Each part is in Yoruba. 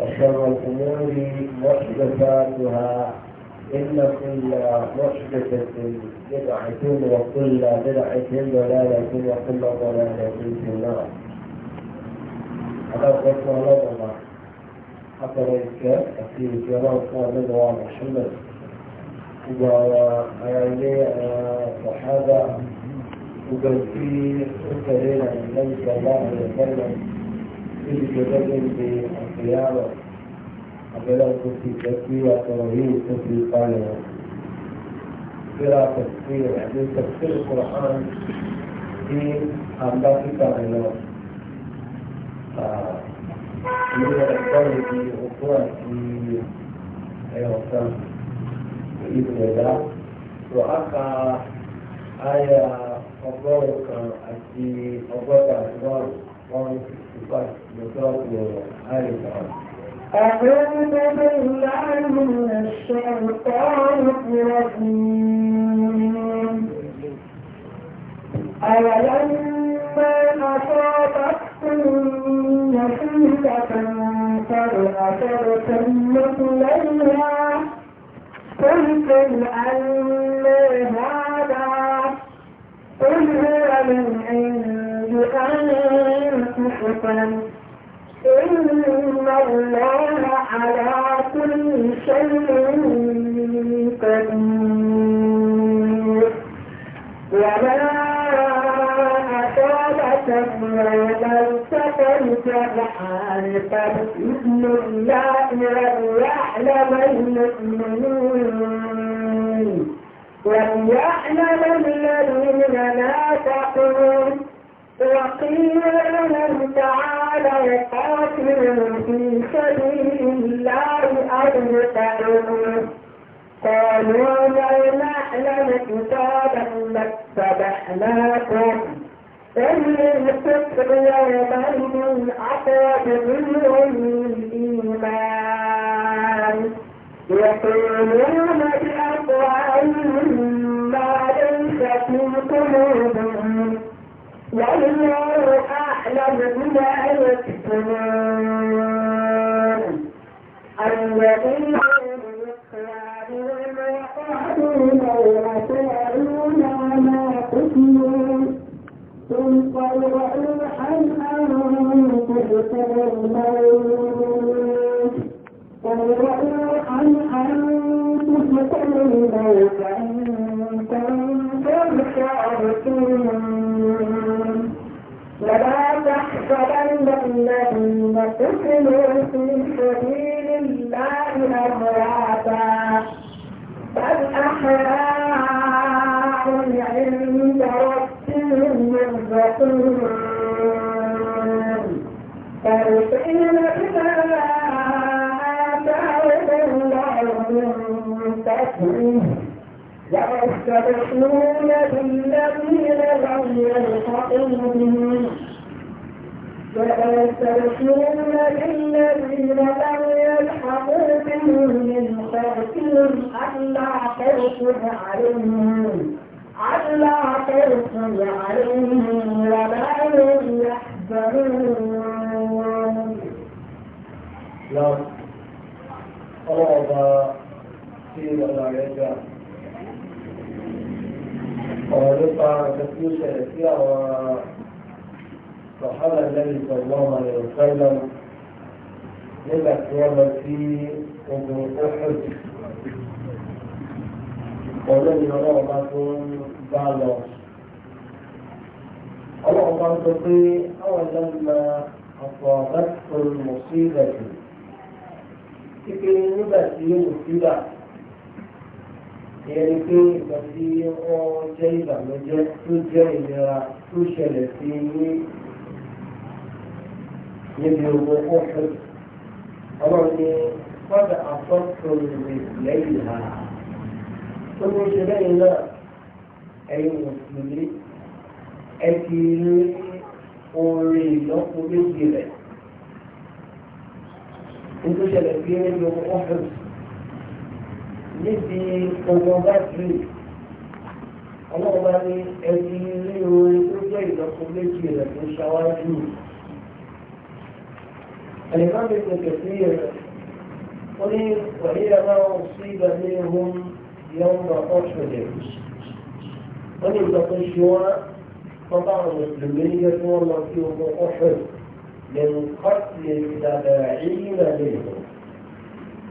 وشر الأمور محدثاتها إن كل محدثة بدعة وكل بدعة ضلالة وكل ضلالة في النار. هذا ذكر الله حتى ذلك في جرار قادم ومحمد وعلي الصحابة آه، وقد في سكرين عن صلى الله عليه وسلم níbi ìjọba gbẹ̀ǹde àgbéyàwó àbẹ̀lẹ̀ tó ti jẹ́ kí àtọ̀rọ̀ yìí tó fi palẹ̀ wọn. Kíra tẹ̀sí àti tẹ̀sí Kùrán ní Àgbáfíkà lọ. Ilé ẹ̀kọ́ yìí di òkú àti ẹ̀yọ̀ kan ìgbẹ̀dá. Wàhálà ayà ọgọ́rùn-ún kan àti ọgọ́ta ọgọ́rùn-ún. أعوذ بالله من الشيطان الرجيم أولما أصابتكم مصيبة فأثرتم مثليها قلتم أن هذا قل هو من عند بأنفسكم إن الله على كل شيء قدير وما أصابكم وما فعال فبإذن الله وليعلم المؤمنين وليعلم الذين لا تقوم وقيل لهم تعالى قاتلوا في سبيل الله أو قالوا لو نعلم كتابا لاتبعناكم إن الفكر يومئذ أقرب منهم الإيمان يقولون بأقوالهم ما ليس في قلوبهم والله أعلم بما يكتمون الذين قل قد أوحى أن تبتلى الموت قل أوحى أن تبتلى الموت أن تنفع بكلمة فالذين قتلوا في سبيل الله أمواتا بل عند ربهم يرزقون فرحين بما آتاهم الله تكريم ويستبشرون بالذين لم يلحقوا بهم فأستبشرون بالذين لم يلحقوا بهم من خلفهم ألا خوف عليهم ألا خوف عليهم ولا هم يحزنون ọlọ́ọ̀bá tí ọ̀nà rẹ̀ gbà ọ̀rọ̀ nípa ẹ̀kọ́ tí ó ṣẹlẹ̀ sí àwọn sọ̀hálà lẹ́yìn sallallahu alaihi wasallam nígbà tí wọ́n lọ sí ogun Uhud ọlọ́run ọlọ́run bá tó ń bá lọ. ọlọ́run bá ń sọ pé àwọn ìlànà ọ̀pọ̀ àbáṣepọ̀ mọ̀ sí ìrẹ̀lẹ̀ kíkẹ́ nígbà tí yóò sí rà ìyẹn ni pé ìgbà tí wọ́n jẹ́ ìbànújẹ́ tó jẹ́ ìlera tó ṣẹlẹ̀ sí ní níbi ogun ọ̀hún ọlọ́run ní fọ́dà àtọ́kùn rẹ̀ lẹ́yìn ha tó ní ṣe lẹ́yìn náà ẹ̀yin mùsùlùmí ẹ ti rí orin ìlọ́kùn méjì rẹ̀ nítorí ṣẹlẹ̀ bí níbi ogun ọ̀hún níbi ogun bá dùn ọlọ́run bá ní ẹ ti rí orin tó jẹ́ ìlọ́kùn méjì rẹ̀ tó ṣáwájú الإمام ابن كثير قل وإلى ما أصيب منهم يوم أحد قل البطشوى قطع المسلمين يوم يوم أحد من قتل سبعين منهم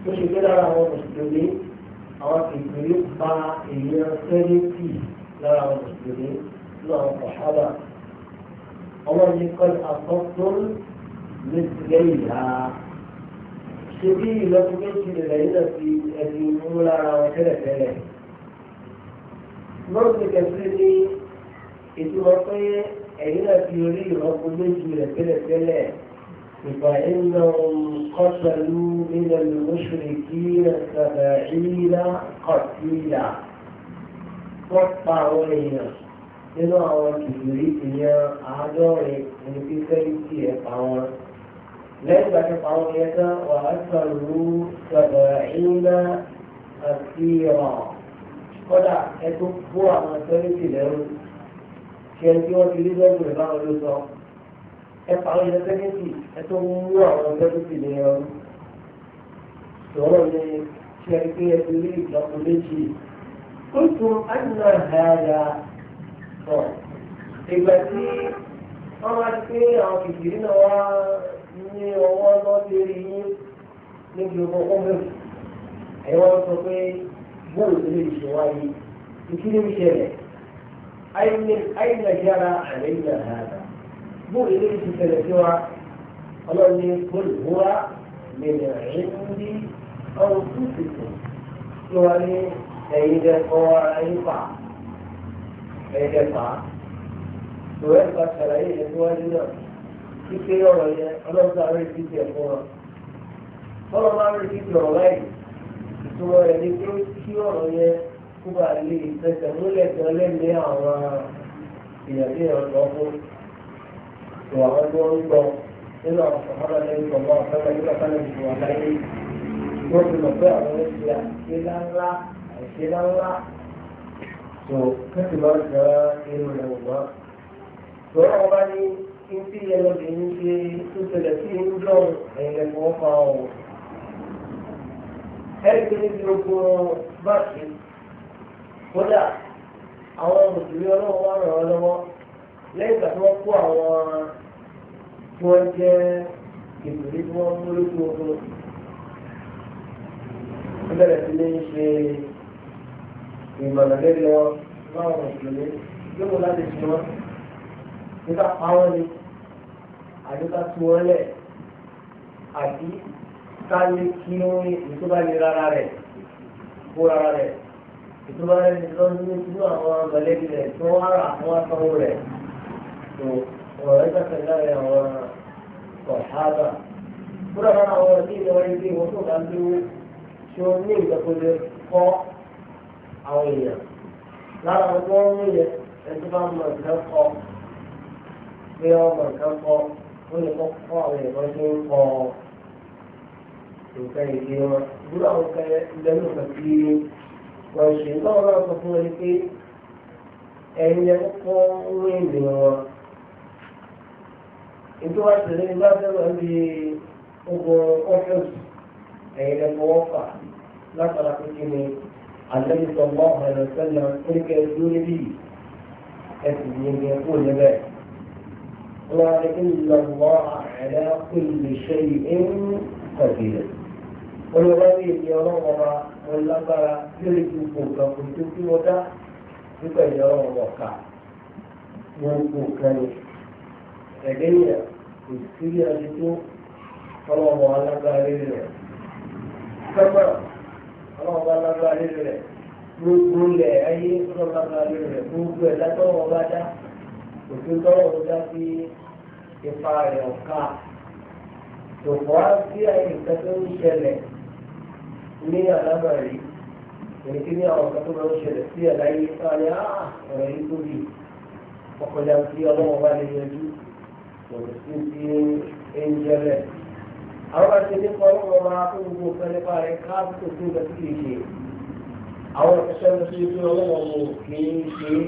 مش كده هو مسلمين أو في يقطع يرتدي لا هو مسلمين لا صحابة الله قد أصبتم مثليها شبيه لو كنت للعيلة في الأمور على وكذا كذا برضه كفرني اتوقع عيلة في يوري رب النجم كذا كذا فإنهم قتلوا من المشركين سبعين قتيلا وقطعوا لنا nínú àwọn ìgbèríko yẹn àádọ́rin ẹni pípẹ́ tí ẹ̀ pa wọn lẹ́yìn ìgbà tí pàwọn yẹn tán wà á sọ̀rọ̀ sọ̀rọ̀ ìlà àti ọ̀hún kọ́dà ẹ tó kó àwọn sẹ́ríkì lẹ́rú ṣe tí wọ́n ti rí lẹ́gbẹ̀ẹ́ báwọn ló sọ ẹ pàwọn yẹn sẹ́ríkì ẹ tó mú àwọn sẹ́ríkì lẹ́rú sọ̀rọ̀ ni ṣe pé ẹ ti rí ìjọba méjì kótó àná àyà sọ ìgbà tí wọ́n wá sí àwọn kìkìrì náà wá pé ọwọ́ lọ́dẹ rí yín níbi ọkọ̀ ọmọ ẹ̀wọ́n sọ pé bóòlù tó lè ṣe wáyé ìkíni ń ṣẹlẹ̀ àìlẹ̀yára àlẹ́yìn àdáadáa bóòlù tó lè ṣe ṣẹlẹ̀ sí wa ọlọ́run ní olùwúwa lèlẹ̀ ẹ̀yìndí ọ̀rọ̀ tuntun tí wọ́n ní ẹ̀yìn dẹ́kọ̀ ẹ̀yìn fà ẹ̀yìn dẹ́fà lọ́wọ́ ẹ̀ka ṣàlàyé ẹ̀dúwájú náà wípé ọ̀rọ̀ yẹn ọlọ́run sáré ti tẹ̀ fún wọn. bọ́lá máa ń retí ọ̀rọ̀ láì ìtumọ̀ rẹ̀ ni pé kí ọ̀rọ̀ yẹn kó bá lè fẹsẹ̀ múlẹ̀ gan lẹ́nu àwọn èèyàn tí èèyàn lọ fún ìwà àwọn tí wọ́n ń gbọ́ nínú àwọn sọ̀hánà lẹ́yìn tọ̀gbọ́ àfẹ́fẹ́ nígbà sálẹ̀ ìlú àláyé wọ́n ti mọ̀ pé àwọn ẹ̀ṣẹ̀ àṣẹlá àṣẹlá ńlá tó kẹ́sì máa ń sọ irú rẹ̀ wọ̀ ní tí ẹlọ́bìnrin ṣe tó ṣẹlẹ̀ sí england ẹ̀yìn lẹ́kọ̀ọ́ fa ọ̀. níbi ogun báàkì kódà àwọn mùsùlùmí ọlọ́wọ́ wà ràn án lọ́wọ́ lẹ́yìn tí wọ́n kó àwọn tí wọ́n jẹ́ ìbùdí tí wọ́n mú lójú ogun ó bẹ̀rẹ̀ sí ní ṣe ìmọ̀nà lẹ́yìn wọn mùsùlùmí yóò láti ṣe wọn nígbà pàwọn ni àbí ká tú wọn lẹ̀ àbí ká lè kí wọn ètò bá lè rárá rẹ̀ kó rárá rẹ̀ ètò bá lè lọ sí ojú àwọn mọ̀lẹ́bí rẹ̀ tó wá rà àwọn sanwó rẹ̀ tó ọ̀rọ̀ ẹ̀ka kẹta rẹ̀ àwọn ọ̀háàbà. Búrọ̀ náà àwọn ọ̀rọ̀ sí ìjọba ilé wọn tó bá lówó tí ó ní ìjọpọ̀lẹ̀ kọ́ àwọn èèyàn. Lára wọn tó ń rí yẹn ẹni tó bá mọ̀ nǹkan kọ́ pé ọmọ nǹkan kọ́ ó lè kọ́kọ́ àwọn èèyàn tó ń kọ nǹkan ìdí wọn ìdúró àwọn kan lẹ́nu kan tí wọ́n ṣe náà náà sọ fún wọn pé ẹ̀yin yẹn kọ́ owó èlé wọn. Ìjọ wa tẹ̀lé ní Bábẹ́rọ̀ bí ogun ọ́fíìsì ẹ̀yin lẹ fọwọ́ látara pé kí ni àlejò sọ̀gbọ́n ọ̀hún ẹ̀rọ sẹ́lẹ̀ oníkẹ́ ẹ̀sìn yìí ni ẹ̀kú إلا الله على كل شيء قدير olùwárí ìyọ̀rọ̀ ọba wọn lágbára lórí gbogbo nǹkan kò tó kí wọ́n dá nípa ìyọ̀rọ̀ ọba ká gbogbo nǹkan ni ẹ̀dẹ́yà kò sí bí adé tó ọlọ́wọ́ alágbára lérí rẹ̀ sábà ọlọ́wọ́ alágbára lérí rẹ̀ gbogbo ilẹ̀ ayé ọlọ́wọ́ alágbára lérí rẹ̀ gbogbo ẹ̀dá tó wọ́n dá òtú tọ́wọ́ tó dá sí ipa rẹ̀ ọ̀ka tòkọ́ sí àyè nǹkan tó ń ṣẹlẹ̀ ní àlámà rí èyí tí ní àwọn nǹkan tó máa ń ṣẹlẹ̀ sí àláyé sáré ọ̀rọ̀ yìí tóbi ọkọ̀jà tí ọlọ́wọ́ bá lè yanjú òun sí ti ń jẹlẹ̀. àwọn àti nípa ọlọ́wọ́ máa tó gbogbo nǹkan nípa rẹ̀ káàbù tó tó nǹkan tó kì í àwọn ìṣẹ́ lọ sí ibi ọlọ́wọ́ kì í ṣe é.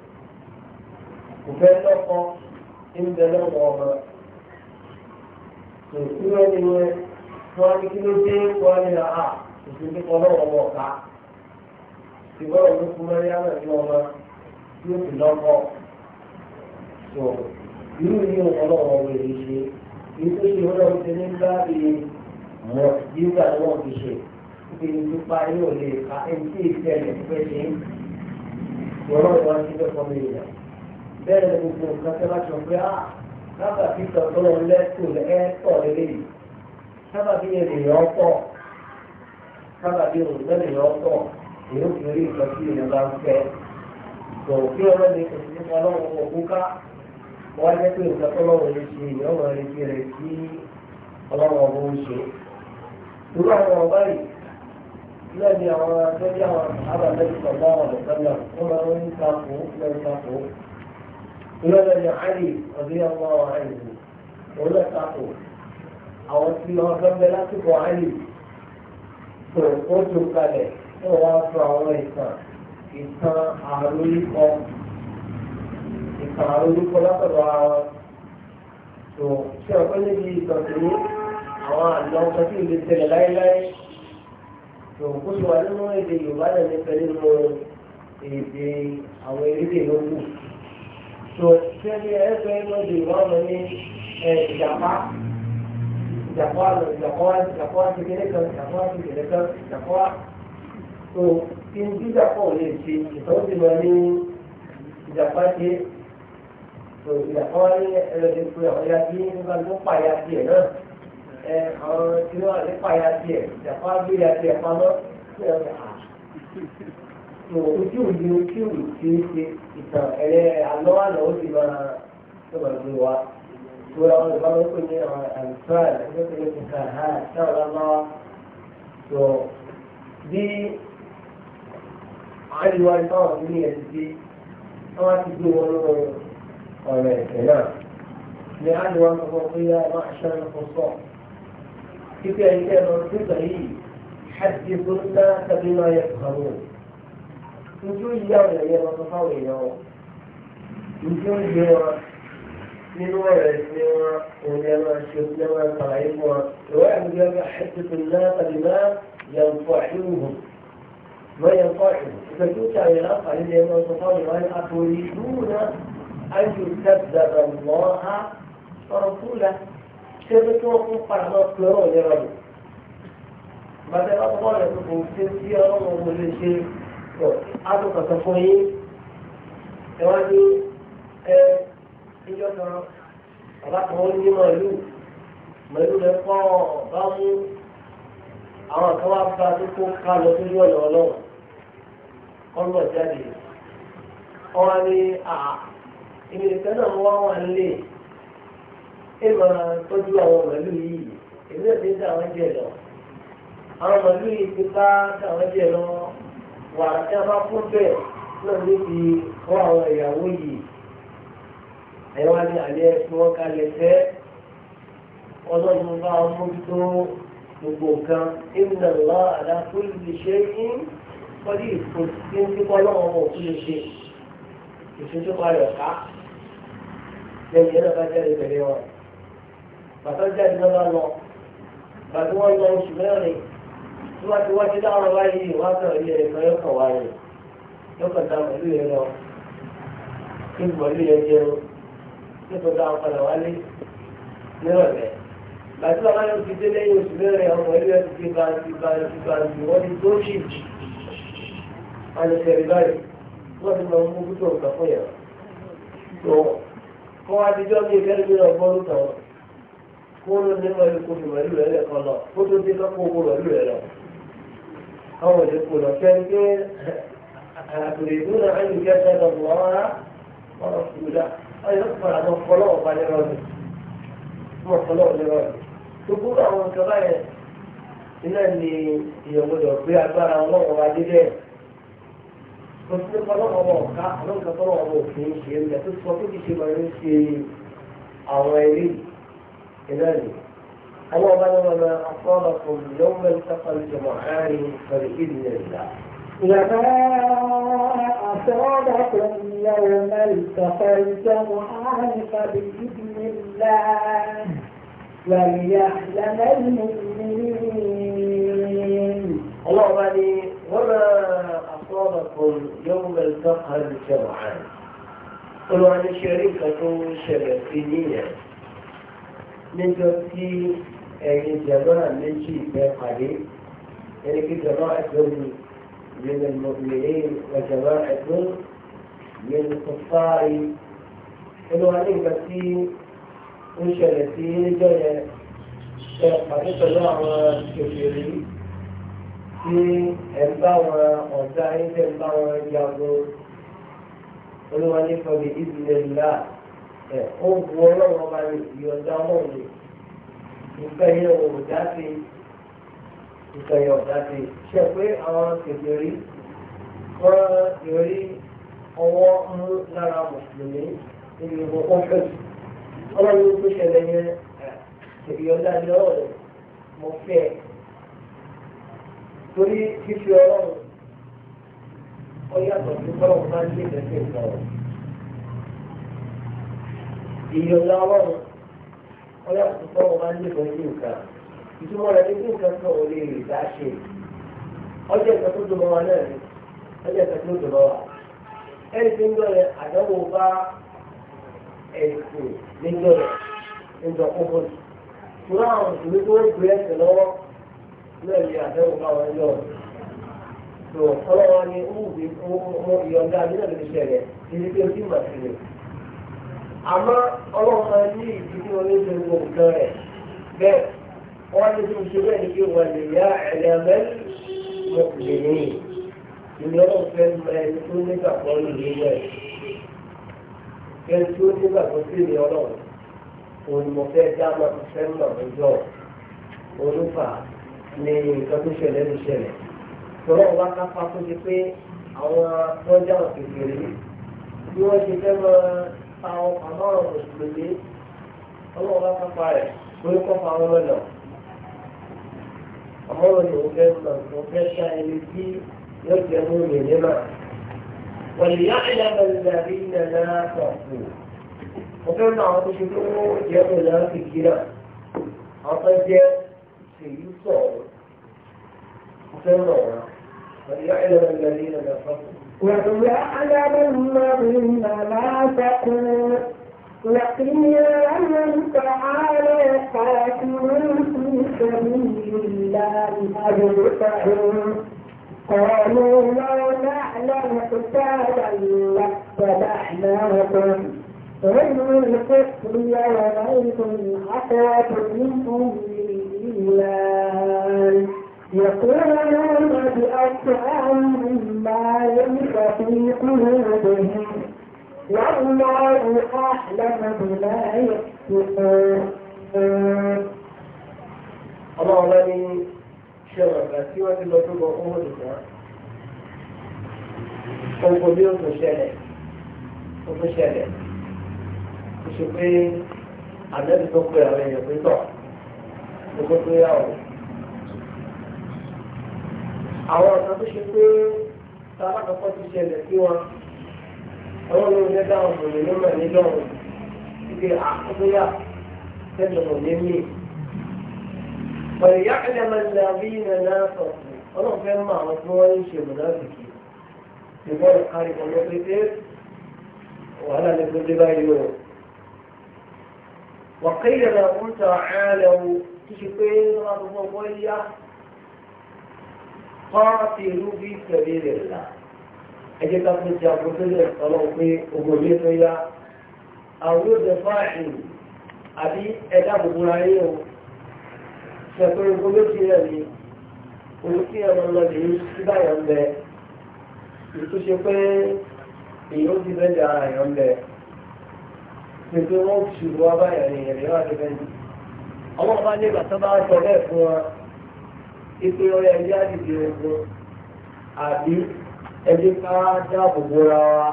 kò fẹ́ lọ́kọ lọ́wọ́ ọmọ tó kúrò nìyẹn wọn á ní kí ní ra òfin nípa ọlọ́wọ́ ọmọ ọ̀ka ìwọ́n òun fún mẹ́rin yára ní ọmọ yóò fi lọ́kọ tó irú yìí ọlọ́wọ́ ọmọ èyí ṣe ètò ìwọ́n náà ti ní bá bíi mọ̀ nígbà tí wọ́n fi ṣe pé nípa yóò lè ka ẹni tí ìfẹ́ bẹ́ẹ̀ ni gbogbo nǹkan tẹ́ bá sọ pé á ah, sábà fi tọ̀tọ̀rọ̀ lẹ́kùn ẹ̀ lélẹ̀ yìí sábà fi ènìyàn pọ̀ sábà fi ènìyàn pọ̀ èyí ó fi rí nǹkan tí ènìyàn bá ń fẹ́ tó kí ọ̀rọ̀ kò sí nípa ọlọ́run òkun ká wọ́n á jẹ́ pé nǹkan tó lọ́run lè ṣe ènìyàn wọ̀ lè ṣe rẹ̀ kí ọlọ́run ọ̀bọ̀ ń ṣe. irú àwọn ọ̀bá yìí náà ni àwọn akẹ́kẹ́ àwọn àbàlẹ́ ìsọ̀gbọ́n ọ̀dọ̀ sọ́nà wọ́n máa ń takò ń takò ìrọ̀lẹ́ ní àlè ọ̀dọ́ yẹn wọ́n wà áyè ní òun lọ sàkó àwọn tí wọ́n fẹ́ bẹ lásìkò àlè tó ó tó kalẹ̀ tó wọ́n sọ àwọn ìtàn ìtàn àròyìnkọ ìtàn àròyìnkọ látọ̀dọ̀ àwọn tó ṣé ọ̀pẹ́ níbi ìtàn tó ní àwọn àlọ́ ọ̀pẹ́ tí ìlú tẹ̀lé láéláé tó kó tó wà nínú èdè Yorùbá náà pẹ̀lú èdè àwọn erédè ló tó sẹ́ni ẹgbẹ́ lọ́dẹ ìwọ́n ní ìjàpá ìjàpá lọ ìjàpá ìjàpá kékeré kan ìjàpá kékeré kan ìjàpá tó kí n jíjàpá ò lè ṣe ìtọ́jú ti máa ní ìjàpá ṣe tó ìjàpá ní ẹlẹ́dẹ̀ pé ọ̀ya bí nígbà tó pààyà tiẹ̀ náà ẹ àwọn tí wọ́n àti pààyà tiẹ̀ ìjàpá gbé ya tiẹ̀ pamọ́ sí ọ̀ya mọ̀ ojú òní ojú òní tí ó ṣe ìtàn ẹ̀rẹ́ àlọ́wà lọ́wọ́ ti máa sọ̀rọ̀ ní wa. Ìwé àwọn ìbá wọn pè ní àwọn àlùfáà ẹgbẹ́ pẹ̀lú ìka ha táwọn lábáwá sọ bí àríwá ìfáwọn ní ẹ̀sìn tí wọ́n ti gbé wọn lọ́wọ́ ọ̀rọ̀ ẹ̀sẹ̀ náà. Ní àríwá sọ pé yá máa ṣẹ́ ẹ̀ fún sọ. Kíkẹ́ ẹ̀yìn tẹ́ lọ sí ìgbà yìí, ṣàdìbò náà tàbí máa njó yíyá ọ̀rẹ́ yẹn lọ sọ fáwọn èèyàn wọn njó yé wọn nínú ọ̀rẹ́ sí wọn òun yẹn máa ṣe òun yẹn máa ṣàlàyé fún wọn ìwọ àgbẹ̀ ọgbà ṣètò náà tàbí náà yẹn fọ àìwò wọ́n yẹn fọ àìwò ìgbẹ́jú tí àwọn yẹn láǹfààní lè máa sọ fáwọn èèyàn wọn àtòrí ìlú náà ayò dábàbà wọ́n á ọ̀rọ̀ fúlà ṣé pé kí wọ́n fún padà náà pé ọ̀rọ̀ yẹn rọ̀ bàtẹ́ bá tọ́ àtúkọ̀tọ̀ fún yín ẹ̀wọ́n ní ẹ níjọ́ kan bàbá kan ó ní màálù màálù rẹ̀ pọ̀ bá mú àwọn kan wá bá tó kó ká lọ sórí ọ̀nà ọlọ́run ọlọ́ jáde ọwọ́ ní àà ìmìlẹ̀kẹ́ náà wá wà nílé ẹ máa tọ́jú àwọn màálù yìí èmi náà ti jẹ lọ àwọn màálù yìí ti bá dá jẹ lọ wà tí a bá fún bẹ́ẹ̀ náà níbi kọ́ àwọn ìyàwó yìí ẹ̀wá ní àlẹ́ tí wọ́n kalẹ̀ fẹ́ ọlọ́run bá wọn mójútó gbogbo nǹkan inna Allah ala kulli shay'in kọ́lí ìfòsí ní kọ́lọ́wọ́ wọn kú lè ṣe ìṣojú parẹ̀ ọ̀ká lẹ́yìn ẹ̀rọ bá jáde pẹ̀lú wọn bàtà jáde lọ́la lọ bàtà wọn lọ oṣù mẹ́rin tí wọ́n ti wá sí báyìí wọ́n sọ̀rọ̀ ilé rẹ̀ kan yọkàn wá rẹ̀ yọkàn ta pẹ̀lú rẹ̀ lọ kí n pẹ̀lú rẹ̀ jẹun kí n tó ta ọ̀padà wálé nírọ̀lẹ́. Bàtí bàbá yóò fi dé lẹ́yìn oṣù mẹ́rin ọmọ ilé ẹ̀ ti ba ti ba ti ba ti wọ́n ti tó ṣì wọ́n ti tẹ̀lé báyìí wọ́n ti máa mú kútó nǹkan fún yàrá. Tó kọ́ adijọ́ ní ìkẹ́lẹ́ mi náà gbọ́rú tán kó ló ní wọ́n kó fi mọ̀lú rẹ̀ lẹ́kọ̀ọ́ lọ kó tó dé lọ́kọ̀ owó mọ̀lú rẹ̀ lọ. أو يقول كان أتريدون أن يجدد الله ورسوله أي يقبل عن الصلاة بعد الرجل ثم الصلاة للرجل تقول أو كباية iná ni ìyọ̀gbọ́dọ̀ gbé agbára ọlọ́run wa dídẹ́ kò sí nípa ọlọ́run ọmọ ọ̀ká ọlọ́run tó lọ́wọ́ ọmọ òfin ṣe é ń bẹ̀ tó sọ tó ti ṣe máa ń ṣe àwọn ẹ̀rí iná nìyí. أنا بلغ وما أصابكم يوم التقى الجمعان فبإذن الله وما أصابكم يوم التقى الجمعان فبإذن الله وليعلم المؤمنين الله علي وما أصابكم يوم التقى الجمعان قلوا عن شركة شبكينية من جبتي ẹ̀yin jẹ̀mọ́nà méjì bẹ pàdé ẹni kí jẹ̀mọ́ ẹ̀dùn mi من المؤمنين وجماعة من الكفار إنه هني بسي وشلتي جاية pàdé pẹ̀lú àwọn kékeré tí ẹ̀ ń bá wọn ọ̀dá yín tẹ̀ ń bá wọn yàgò olúwa ní fọ̀dé ìdílé ńlá ẹ̀ ó bu ọlọ́run ọba ní ìyọ̀dá ọlọ́run nǹkan yẹn ò dá sí nǹkan yẹn ò dá sí ṣe pé àwọn kèké rí wọ́n rí ọwọ́ mú lára mùsùlùmí níbi ìwọ kọ́fẹ́sì ọlọ́run ló ṣẹlẹ̀ yẹn ìyọ̀dá lọ́wọ́ rẹ̀ mo fẹ́ ẹ̀ torí fífi ọlọ́run ó yàtọ̀ sí bọ́lọ̀ máa ń lé ìgbésẹ̀ ìgbà rẹ̀ ìyọ̀dá ọlọ́run ọlọ́run tó wọ́n máa ń lébọn sí nǹkan ìtumọ̀ rẹ̀ ní kí nǹkan kan ò lè rè dá ṣe ọjọ́ ìkan tó dùnmọ́ wa náà ni ọjọ́ ìkan tó dùnmọ́ wa ẹni tí ń dọ̀rẹ̀ àdánwò bá ẹ̀sìn ní dọ̀rẹ̀ ń dọ̀ kókó jù ṣùgbọ́n àwọn òṣèlú tó ń gbé ẹ̀sìn lọ́wọ́ náà ni àdánwò bá wọn yọ̀ tó ọlọ́wọ́ ni ó wù mí ìyọ̀ǹda mi náà lè ṣẹlẹ̀ ìdí tí o ti mọ̀ sí mi àmọ́ ọlọ́run máa ní ìdí tí wọ́n lè ṣe gbogbo nǹkan rẹ̀ bẹ́ẹ̀ wọ́n ní tí mo ṣe bẹ́ẹ̀ ni pé wà lè yá ẹ̀rẹ́ mẹ́rin mo kù lè ní ìlú ọlọ́run fẹ́ ẹni tó nígbà kan lè ní ẹ̀ ẹni tó nígbà kan sí ìlú ọlọ́run òun mo fẹ́ dá máa fi fẹ́ mọ̀ lọ́jọ́ olúfà ní nǹkan tó ṣẹlẹ̀ ló ṣẹlẹ̀ tọ́lọ́ wa ká fa kó ṣe pé àwọn tọ́jà òkèèrè táwọn àmọ́ ọ̀rọ̀ mùsùlùmí ọlọ́run bá kápá rẹ̀ lórí kọ́fà àwọn ọlọ́lọ́ àmọ́ ọ̀rọ̀ ni òun fẹ́ sọ òun fẹ́ ṣá ẹni tí yóò jẹ́ mú mi nímà وليعلم الذين لا صدقوا وكان عاطش الأمور جاء لا فكرة عطش سيد صعود وكان وليعلم الذين لا صدقوا ويعلم الذين نافقوا وقيل من تعالى قاتلوا في سبيل الله أدفعوا قالوا لا نعلم قتالا لاتبعناكم هم الكفر يوميكم أقرب منهم للإيمان يقولون بأفعالهم ما ليس في قلوبهم والله أعلم بما يكتبون Ọlọ́run lọ ní ṣe ọ̀rọ̀ tí wọ́n ti lọ tó bọ owó nìkan. Ogun bí ó tún ṣẹlẹ̀, ó tún ṣẹlẹ̀. Kò ṣe pé àdẹ́bí tó pé àwọn èèyàn pé tọ̀, ó tó pé àwọn àwọn ọ̀sán tó ṣe pé tálákọ̀ọ́kọ́ ti ṣẹlẹ̀ sí wọn àwọn ọmọ ìlú ẹ̀dá ọ̀sán lè lọ́mọ ní lọ́rùn ibi àkókòyà tẹ́lọ̀mọ̀ ní mí. Pẹ̀lú yákẹ́lẹ́ máa ń lè rí ilẹ̀ náà sọ̀ ọlọ́run fẹ́ mọ àwọn tí wọ́n ń ṣe mọ̀láṣìkì ìbọn kárí kan lọ́pẹ́ wàhálà ní gbogbo báyìí o. Wàkẹ́yẹ̀ náà ń ta á fọwọ́ قاتلوا في سبيل الله أجي تقول جابوا كده طلعوا في أبوبيت ويا أو دفاع أبي أداب بنائيه سيكون أبوبيت يعني olùkí ọmọ lọ́dẹ yìí síbáyọ̀ ń bẹ ìtúnṣe pé èyí ó ti bẹ́ẹ̀ dára yọ̀ ń bẹ pèsè wọn ṣùgbọ́n abáyọ̀ ni ẹ̀rẹ́ wà ti bẹ́ẹ̀ ni ọmọ ọba ní ìgbà tó bá sọ bẹ́ẹ̀ fún wọn ipe ọyọ ẹjẹ àdìdì ogun àbí ẹjẹ ká dáàbò bóra wa.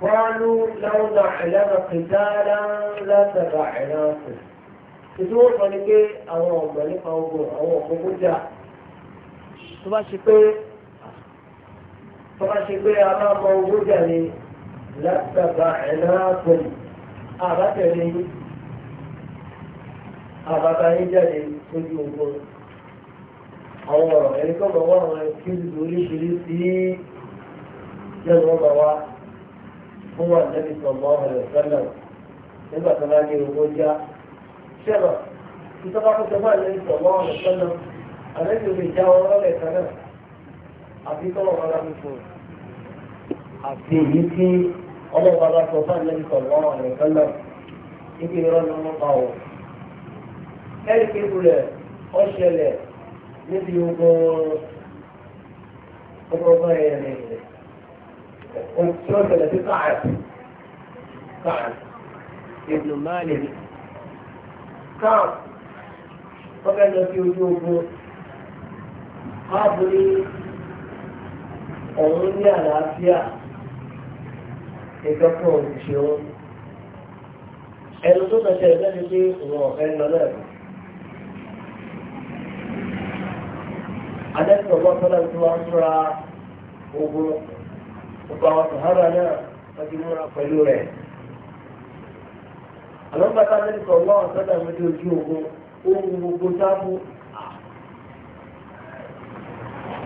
Kọ́lù lọ́wọ́lá ìlànà kìtàlá látàrà ìrántì. Ìtú wọ́n sọ ni pé àwọn ọ̀gbọ̀n nípa ogun àwọn òkúkú jà. Tó bá ogun àwọn ẹni tó lọ́wọ́ àwọn ẹkí oríṣiríṣi lẹ́nu ọmọ wa fún wa lẹ́bi sọ̀mọ́ ọ̀rẹ́ sẹ́lẹ̀ nígbà tó bá owó já ṣẹlẹ̀ ìtọ́ba tó tẹ́wọ́ lẹ́bi sọ̀mọ́ ọ̀rẹ́ sẹ́lẹ̀ àlẹ́bí omi já wọn lọ́lẹ̀ sẹ́lẹ̀ àti tọ́wọ́ wọn lábí fún un àti èyí tí ọlọ́wọ́ bá sọ fún lẹ́bi sọ̀mọ́ ọ̀rẹ́ sẹ́lẹ̀ ibi ìrọ̀lẹ́ ọmọ pa ọ̀ ẹ̀rí níbi ogun ọgbọgbọ ẹ̀rìn ohun tí wọ́n tẹ̀lé sí káàdì káàdì ìlú máàlì káàdì wọ́n fẹ́ lọ sí ojú ogun káàbù ní ọ̀hún ní àlàáfíà ìjọpọ̀ òṣìṣẹ́ ẹnu tó tẹ̀sẹ̀ lẹ́nu pé òun ọ̀fẹ́ lọ lẹ́nu. àdẹ́sọ̀ lọ́sọ́lá tí wọ́n ń múra ogun gbogbo àwọn sàhábà náà wọ́n ti múra pẹ̀lú rẹ̀. àmọ́ bàtà àdẹ́sọ̀ lọ́wọ́ sọ́dà méjì ojú ogun ohun gbogbo sáfù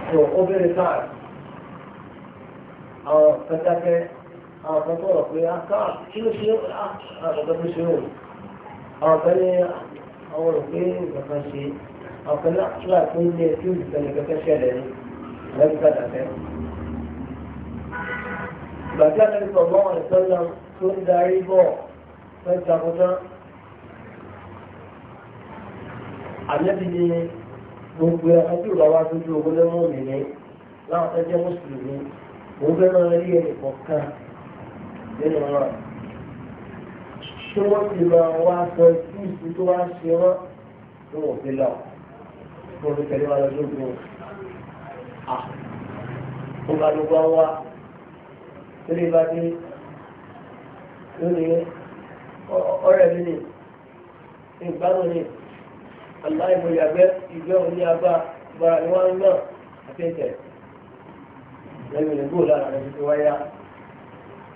tó obìnrin káà àwọn kẹtàkẹ́ àwọn kan tó rọ̀ pé ah, káà kí ló ṣe ah, àwọn kan àwọn kan náà tún àpò ilé tí ó dìbò nìkan fẹ́ ṣẹlẹ̀ ní lẹ́yìn padà fẹ́. ìgbà tí àtàlẹ́ sọ mọ́ ọ̀rẹ́ sọ́nà tó ń darí bọ̀ fẹ́ takọ́tán. àlẹ́bí ni gbogbo ẹ̀ka tí ìbá wa dojú ogun lẹ́mú mi ní láwọn tó jẹ́ mùsùlùmí òun fẹ́ máa rí ẹnì kọ̀ọ̀kan nínú wọn tí wọ́n ti máa wá sọ sí tó wá ṣe wọ́n tó wọ́n fi lọ mo fi tẹ̀lé wa lọ lóògùn à ó bá gbogbo wa lórí bá dé lórí ọ̀rẹ́ mi ni ìgbàlù ni aláìmọ̀yàgbẹ́ ìgbẹ́ òní abá bara ni wọ́n ń náà àti ẹ̀jẹ̀ lẹ́yìn ìlú lára rẹ̀ ti bulan,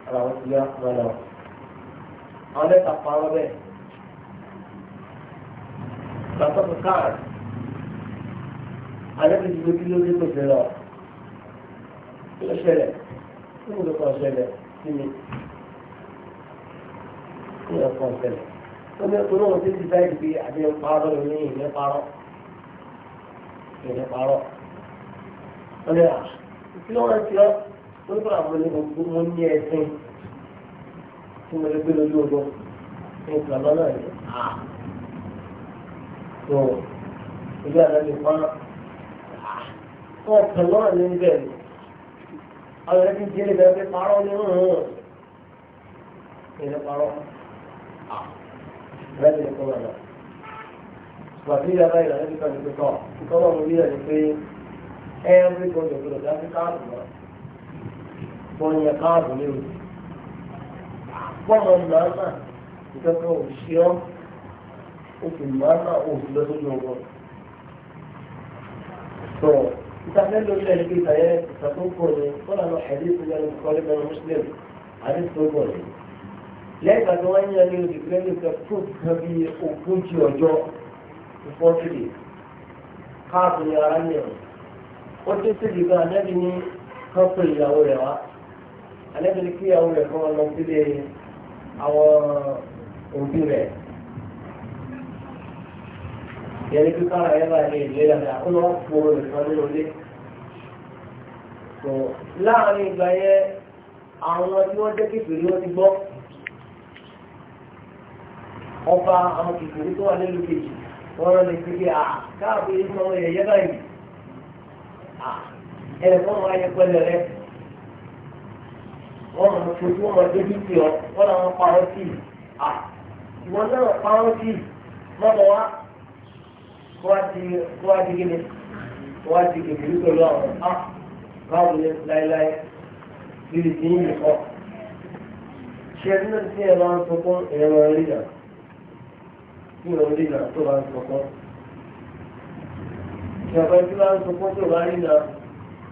ara wọn ti yá wọn lọ. àwọn ada? pa wọn bẹ́ẹ̀. Bàtọ́ fi àlẹ́bí ti gbójú lórí kò sí lọ kí ló ṣẹlẹ̀ kí ló kàn ṣẹlẹ̀ sí mi kí ló kàn ṣẹlẹ̀ ó ní ọkùnrin ọ̀hún ti ti dá ìdí àti ìparọ́ ní ìyẹn parọ́ ìyẹn parọ́ ó ní à kí ló wọ́n ti ọ́ ó ní bàbá mi mo ní ẹ̀sìn tí mo lè gbé lójú ogun ní ìgbàlọ́ náà yìí ọ̀kan náà ní bẹ́ẹ̀ ni àwọn ẹni tí jẹ́lẹ̀ bẹ́ẹ̀ parọ́ ní hàn ìyẹn parọ́ rẹ́ẹ̀dì ní kọ́nà náà gbàtí yàrá ìlànà ti kàn ní pé tọ́ ìkọ́nà mo yíyà ni pé ẹ́ẹ́rì gbọ́dọ̀ gbọ́dọ̀ dá sí káàdù náà wọ́n yẹ káàdù ní o pọ́nmọ́ màmá ìkẹ́kọ̀ọ́ òṣìṣẹ́ ó fi màmá òṣìṣẹ́ tó yọ wọn. استعمل له إلى لكي تايه تكون كوري قال له حديث من البخاري من مسلم حديث كوري lẹ́ẹ̀ka tí wọ́n ń yan ní olùdíkẹ́ ní ìfẹ́ tó kan bí ogójì ọjọ́ ìfọ́sílẹ̀ káàkiri ara ní ọ̀rọ̀ ó dé síbi kan anábì ní kan pé ìyàwó rẹ̀ wá anábì ní kí ìyàwó rẹ̀ fún ọlọ́ sílé àwọn òbí rẹ̀ tó láàrin ìgbà yẹn àwọn tí wọ́n jẹ́ kékeré wọ́n ti gbọ́ ọba àwọn kékeré tó wà nílùú kejì wọ́n rán ní pé à káàbù yìí sọ ẹ̀ yẹ́ báyìí ẹ̀ fọ́n wa yẹ pẹ́lẹ̀ rẹ wọ́n mọ̀ fojú wọn débi tì ọ́ wọ́n làwọn pa ọ́ sí à ìwọ náà pa ọ́ sí mọ́mọ́ wa kó wá di kó wá di gèlè kó wá di gèlè pẹ̀lú àwọn á báwo ni láéláé bíbí tí yín nìkọ́ ṣe ẹni náà tí ẹ máa ń sọkún ẹ̀yẹ máa ń rí nà tí ìrọ̀ rí nà tó bá ń sọkún ìjọba tí wọ́n ń sọkún tó bá rí nà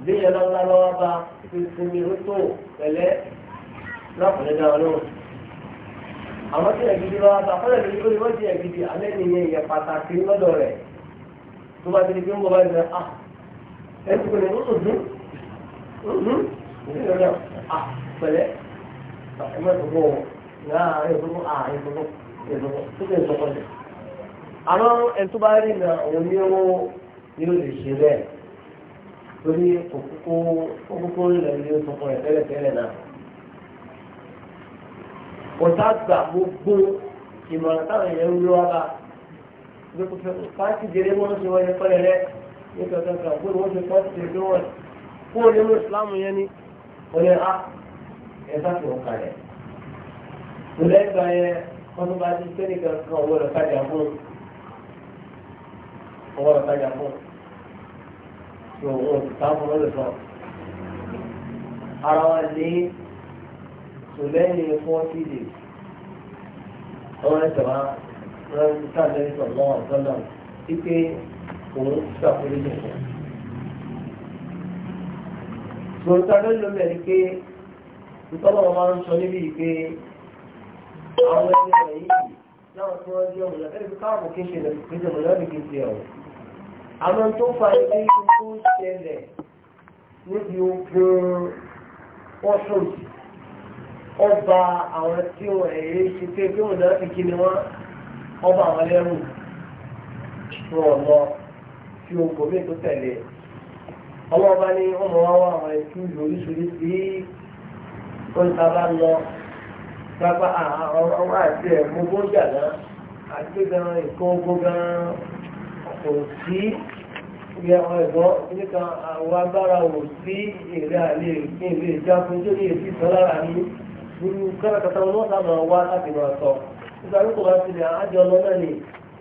bí ìyẹn náà ńlá lọ́wọ́ bá ti sinmi ó tó pẹ̀lẹ́ lọ́kùnrin ah ẹ̀ ti pè ní pẹ̀lẹ́ ẹ̀mọ́ ìfọ̀kọ́ láàárín ìfọ̀kọ́ àárín ìfọ̀kọ́ ìfọ̀kọ́ tó kẹ́ ìfọ̀kọ́ jẹ. àmọ́ ẹni tó bá rí na òun ní owó ni ó lè ṣe bẹ́ẹ̀ torí òkúkú ńlẹ̀ ní ó sọ̀kọ́ rẹ̀ tẹ́lẹ̀ tẹ́lẹ̀ náà. ọ̀tá gbà gbogbo ìmọ̀ràn táwọn èèyàn ń lọ́wọ́ bá gbogbo fáńtì jẹrẹ mọ́ ṣe wọlé pẹ́lẹ́rẹ́ ní kọ̀ọ̀kan gbogbo wọn ṣe pọ́ńtì kúrò nínú ìsìláàmù yẹn ni ó ní a ẹ̀ka tó ń kalẹ̀ ìlú ẹgbà yẹn wọn tó bá ti pé nìkan kan owó rẹ̀ kájà fún owó rẹ̀ kájà fún tó wọn ti ta fún lọ́dọ̀ sọ ara wa ní tòlẹ́yìn fọ́tí dè ọmọ ẹ̀sẹ̀ wa ń tà sọ̀rọ̀ lọ́wọ́ àgbọ̀nà wípé òun ti sàkóyè lóòótọ́ abẹ́lò mẹ́rin pé ìtọ́lọ́ wọn máa ń sọ níbi pé àwọn ẹni ọ̀rọ̀ yìí láwọn tí wọ́n jẹ́ ọ̀mọ̀lá ẹni pé káwọn kì í ṣe lẹ́nu pé ọ̀mọ̀lá ẹni kì í ṣe ọ̀rọ̀ àwọn tó fa ilé tó ṣẹlẹ̀ níbi ogun ọ̀ṣọ́ọ̀ṣì ọba àwọn tí wọ́n ẹ̀yẹ ṣe pé bí ọ̀mọ̀lá ẹni kì í ni wọ́n ọba àwọn ẹlẹ́rù fún ọ̀nà tí ogun mi tó tẹ̀lé ọlọ́ọ̀bá ní ọmọ wa wà àwọn ẹ̀kú lóríṣiríṣi olùtaba lọ bàbá ọmọ àti ẹ̀kú gbọ́jà náà àti gan ìkan ogun gan kò sí ìyá ọmọ ẹ̀gbọ́n nípa àwọn agbára ò sí èrè àlè ní ìlú ìjágun tó ní èsì sọ lára ní gbúrú káràkátà wọn sábà wá láti máa sọ nígbà tó kò bá tilẹ̀ àjọ ọlọ́nà ni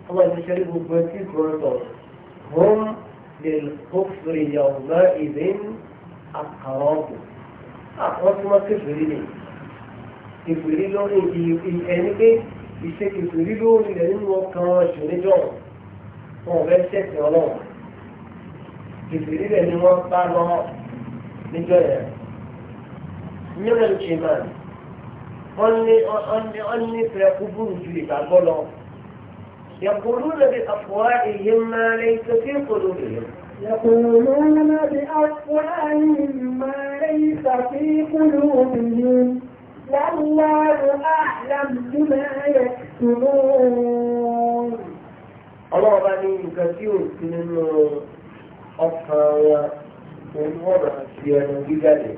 ọmọ ìṣẹ́lẹ̀ gbogbo ẹtí ìgbọ̀nsọ̀ للكفر يومئذ أقرب أقرب ما كفرني كفري لوني يعني كي iṣẹ́ kìfìrí lórí rẹ̀ nínú ọkàn ṣù níjọ́ wọn rẹ̀ ṣẹ̀ṣẹ̀ ọlọ́run kìfìrí rẹ̀ ni wọ́n bá lọ níjọ́ yẹn. mìíràn ṣe máa wọ́n ní ọ̀nìfẹ̀ẹ́ kúbúrú ju ìgbàgbọ́ lọ. يقولون بأفواههم ما ليس في قلوبهم يقولون بأفواههم ما ليس في قلوبهم والله أعلم بما يكتمون الله بني كثير من أفهايا والوضع في الجدل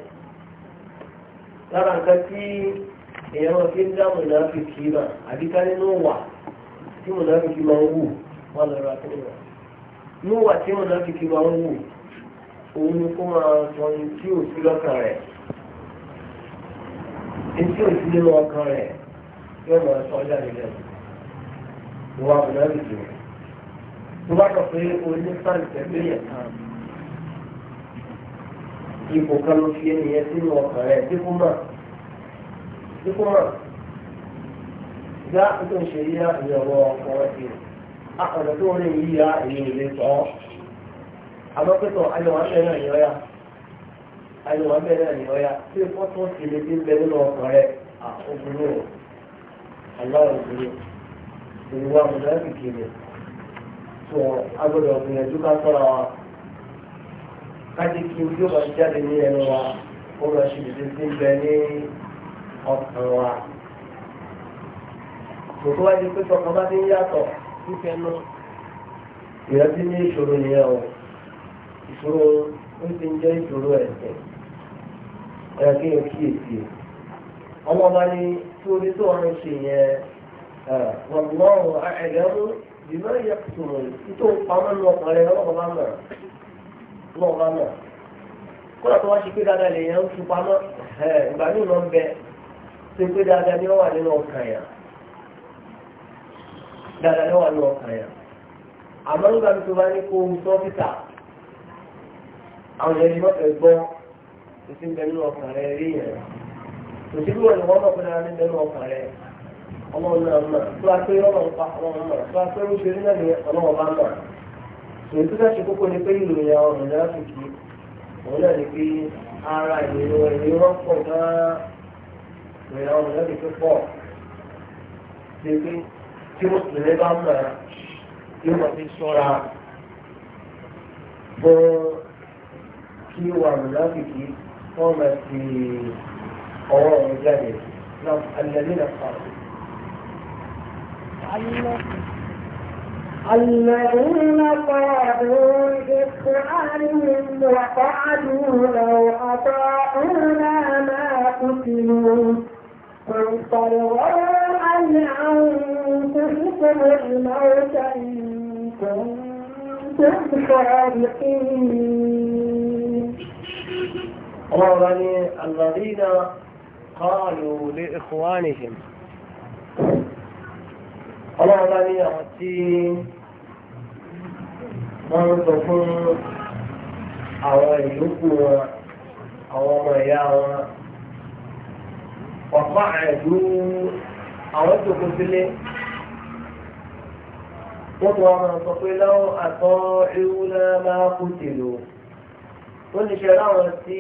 lára nǹkan tí èèyàn fi ń dáhùn náà fi kì í mà àbíká wà tí mo náà fi kí máa ń wù wọ́n lọ ra kí nìyẹn níwà tí mo náà fi kí máa ń wù òun ni kó máa sọ ní tí ò sí lọ́kàn rẹ̀ etí ò sí nínú ọkàn rẹ̀ yóò máa sọ jáde lẹ́nu ìwà àbùdá lè jù tó bá kàn pé o ní sáà ìtẹ́gbẹ́ yẹn kan ipò kan ló fi ẹnìyẹn sínú ọkàn rẹ̀ dípò máa dípò máa já nítorí ṣe yíyá ìyàwó ọkọ akọ̀dọ̀ tó rí yíyá èyí ìlé tọ́ àbọ̀pẹ̀tọ̀ ayọ̀wà bẹ̀rẹ̀ ìyọ́yà ayọ̀wà bẹ̀rẹ̀ ìyọ́yà tí ó tún ti lè ti bẹ nínú ọkọ̀ rẹ̀ àkókòrò aláwòrán ìwà mọ̀lẹ́bí kiri tó agbọ́dọ̀ gbìyànjú ká sọ́ra wa kájí kí ojú ọ̀bà jáde ní ẹnu wa ó lọ ṣe ìdíje ń bẹ ní ọkàn wa. tòtò wá di pé tọkàn bá ti yàtọ̀ fífẹ́ nù ìrántí ní ìṣòro o ìṣòro ó ti jẹ́ ìṣòro ẹ̀sìn ẹ̀yà kí ọmọ ọba ni tí orí tó wọn ṣe yẹn wàlúwọ̀n ẹ̀gẹ́rú bímọ ìyá tòun tó pamọ́ nù ọkùnrin ọlọ́kọ̀ bá mọ̀ ọlọ́kọ̀ bá mọ̀ wá ṣe pé dáadáa lè dáadáa ní wà ní ọkàn yẹn àmọ́ nígbà tó bá ní kó o sọ títà àwọn yẹn ni wọ́n fẹ́ gbọ́ òsì ń bẹ nínú ọkàn rẹ rí yẹn òsì bí wọ́n ní wọ́n mọ̀ pé dáadáa ní bẹ nínú ọkàn rẹ ọmọ náà mọ̀ tó a pé ọmọ ń pa ọmọ mọ̀ tó a pé ó ṣe nílẹ̀ ní ọlọ́wọ́ bá mọ̀ tòun tó dá ṣe kókó ni pé ìròyìn àwọn ọ̀nà láfìkì òun náà ni pé ara ìròyìn wọn ìròyìn wọn pọ̀ gan-an ìròyìn àwọn ọ̀nà láfìkì pọ̀ ṣe pé tí mùsùlùmí bá mọ̀ yóò mọ̀ fi ṣọ́ra fún kí wà mùnáfìkì wọ́n mọ̀ sí ọwọ́ ọ̀rọ̀ jáde náà alẹ́lẹ́ náà pàrọ̀. الذين قالوا بإخوانهم وقعدوا لو أطاعونا ما قتلوا فانطلقا عن أنفسكم الموت إن كنتم صادقين قال الذين قالوا لإخوانهم ọlọ́ọ̀lá ní àwọn tí wọ́n ń sọ fún àwọn ìlúkù wọn àwọn ọmọ ìyá wọn ọ̀pá àìdú àwọn tó kó sílé wọ́n tó wọn sọ pé lọ́wọ́ àtọ́ ewu náà máa kú tèlò ó ní ṣe láwọn tí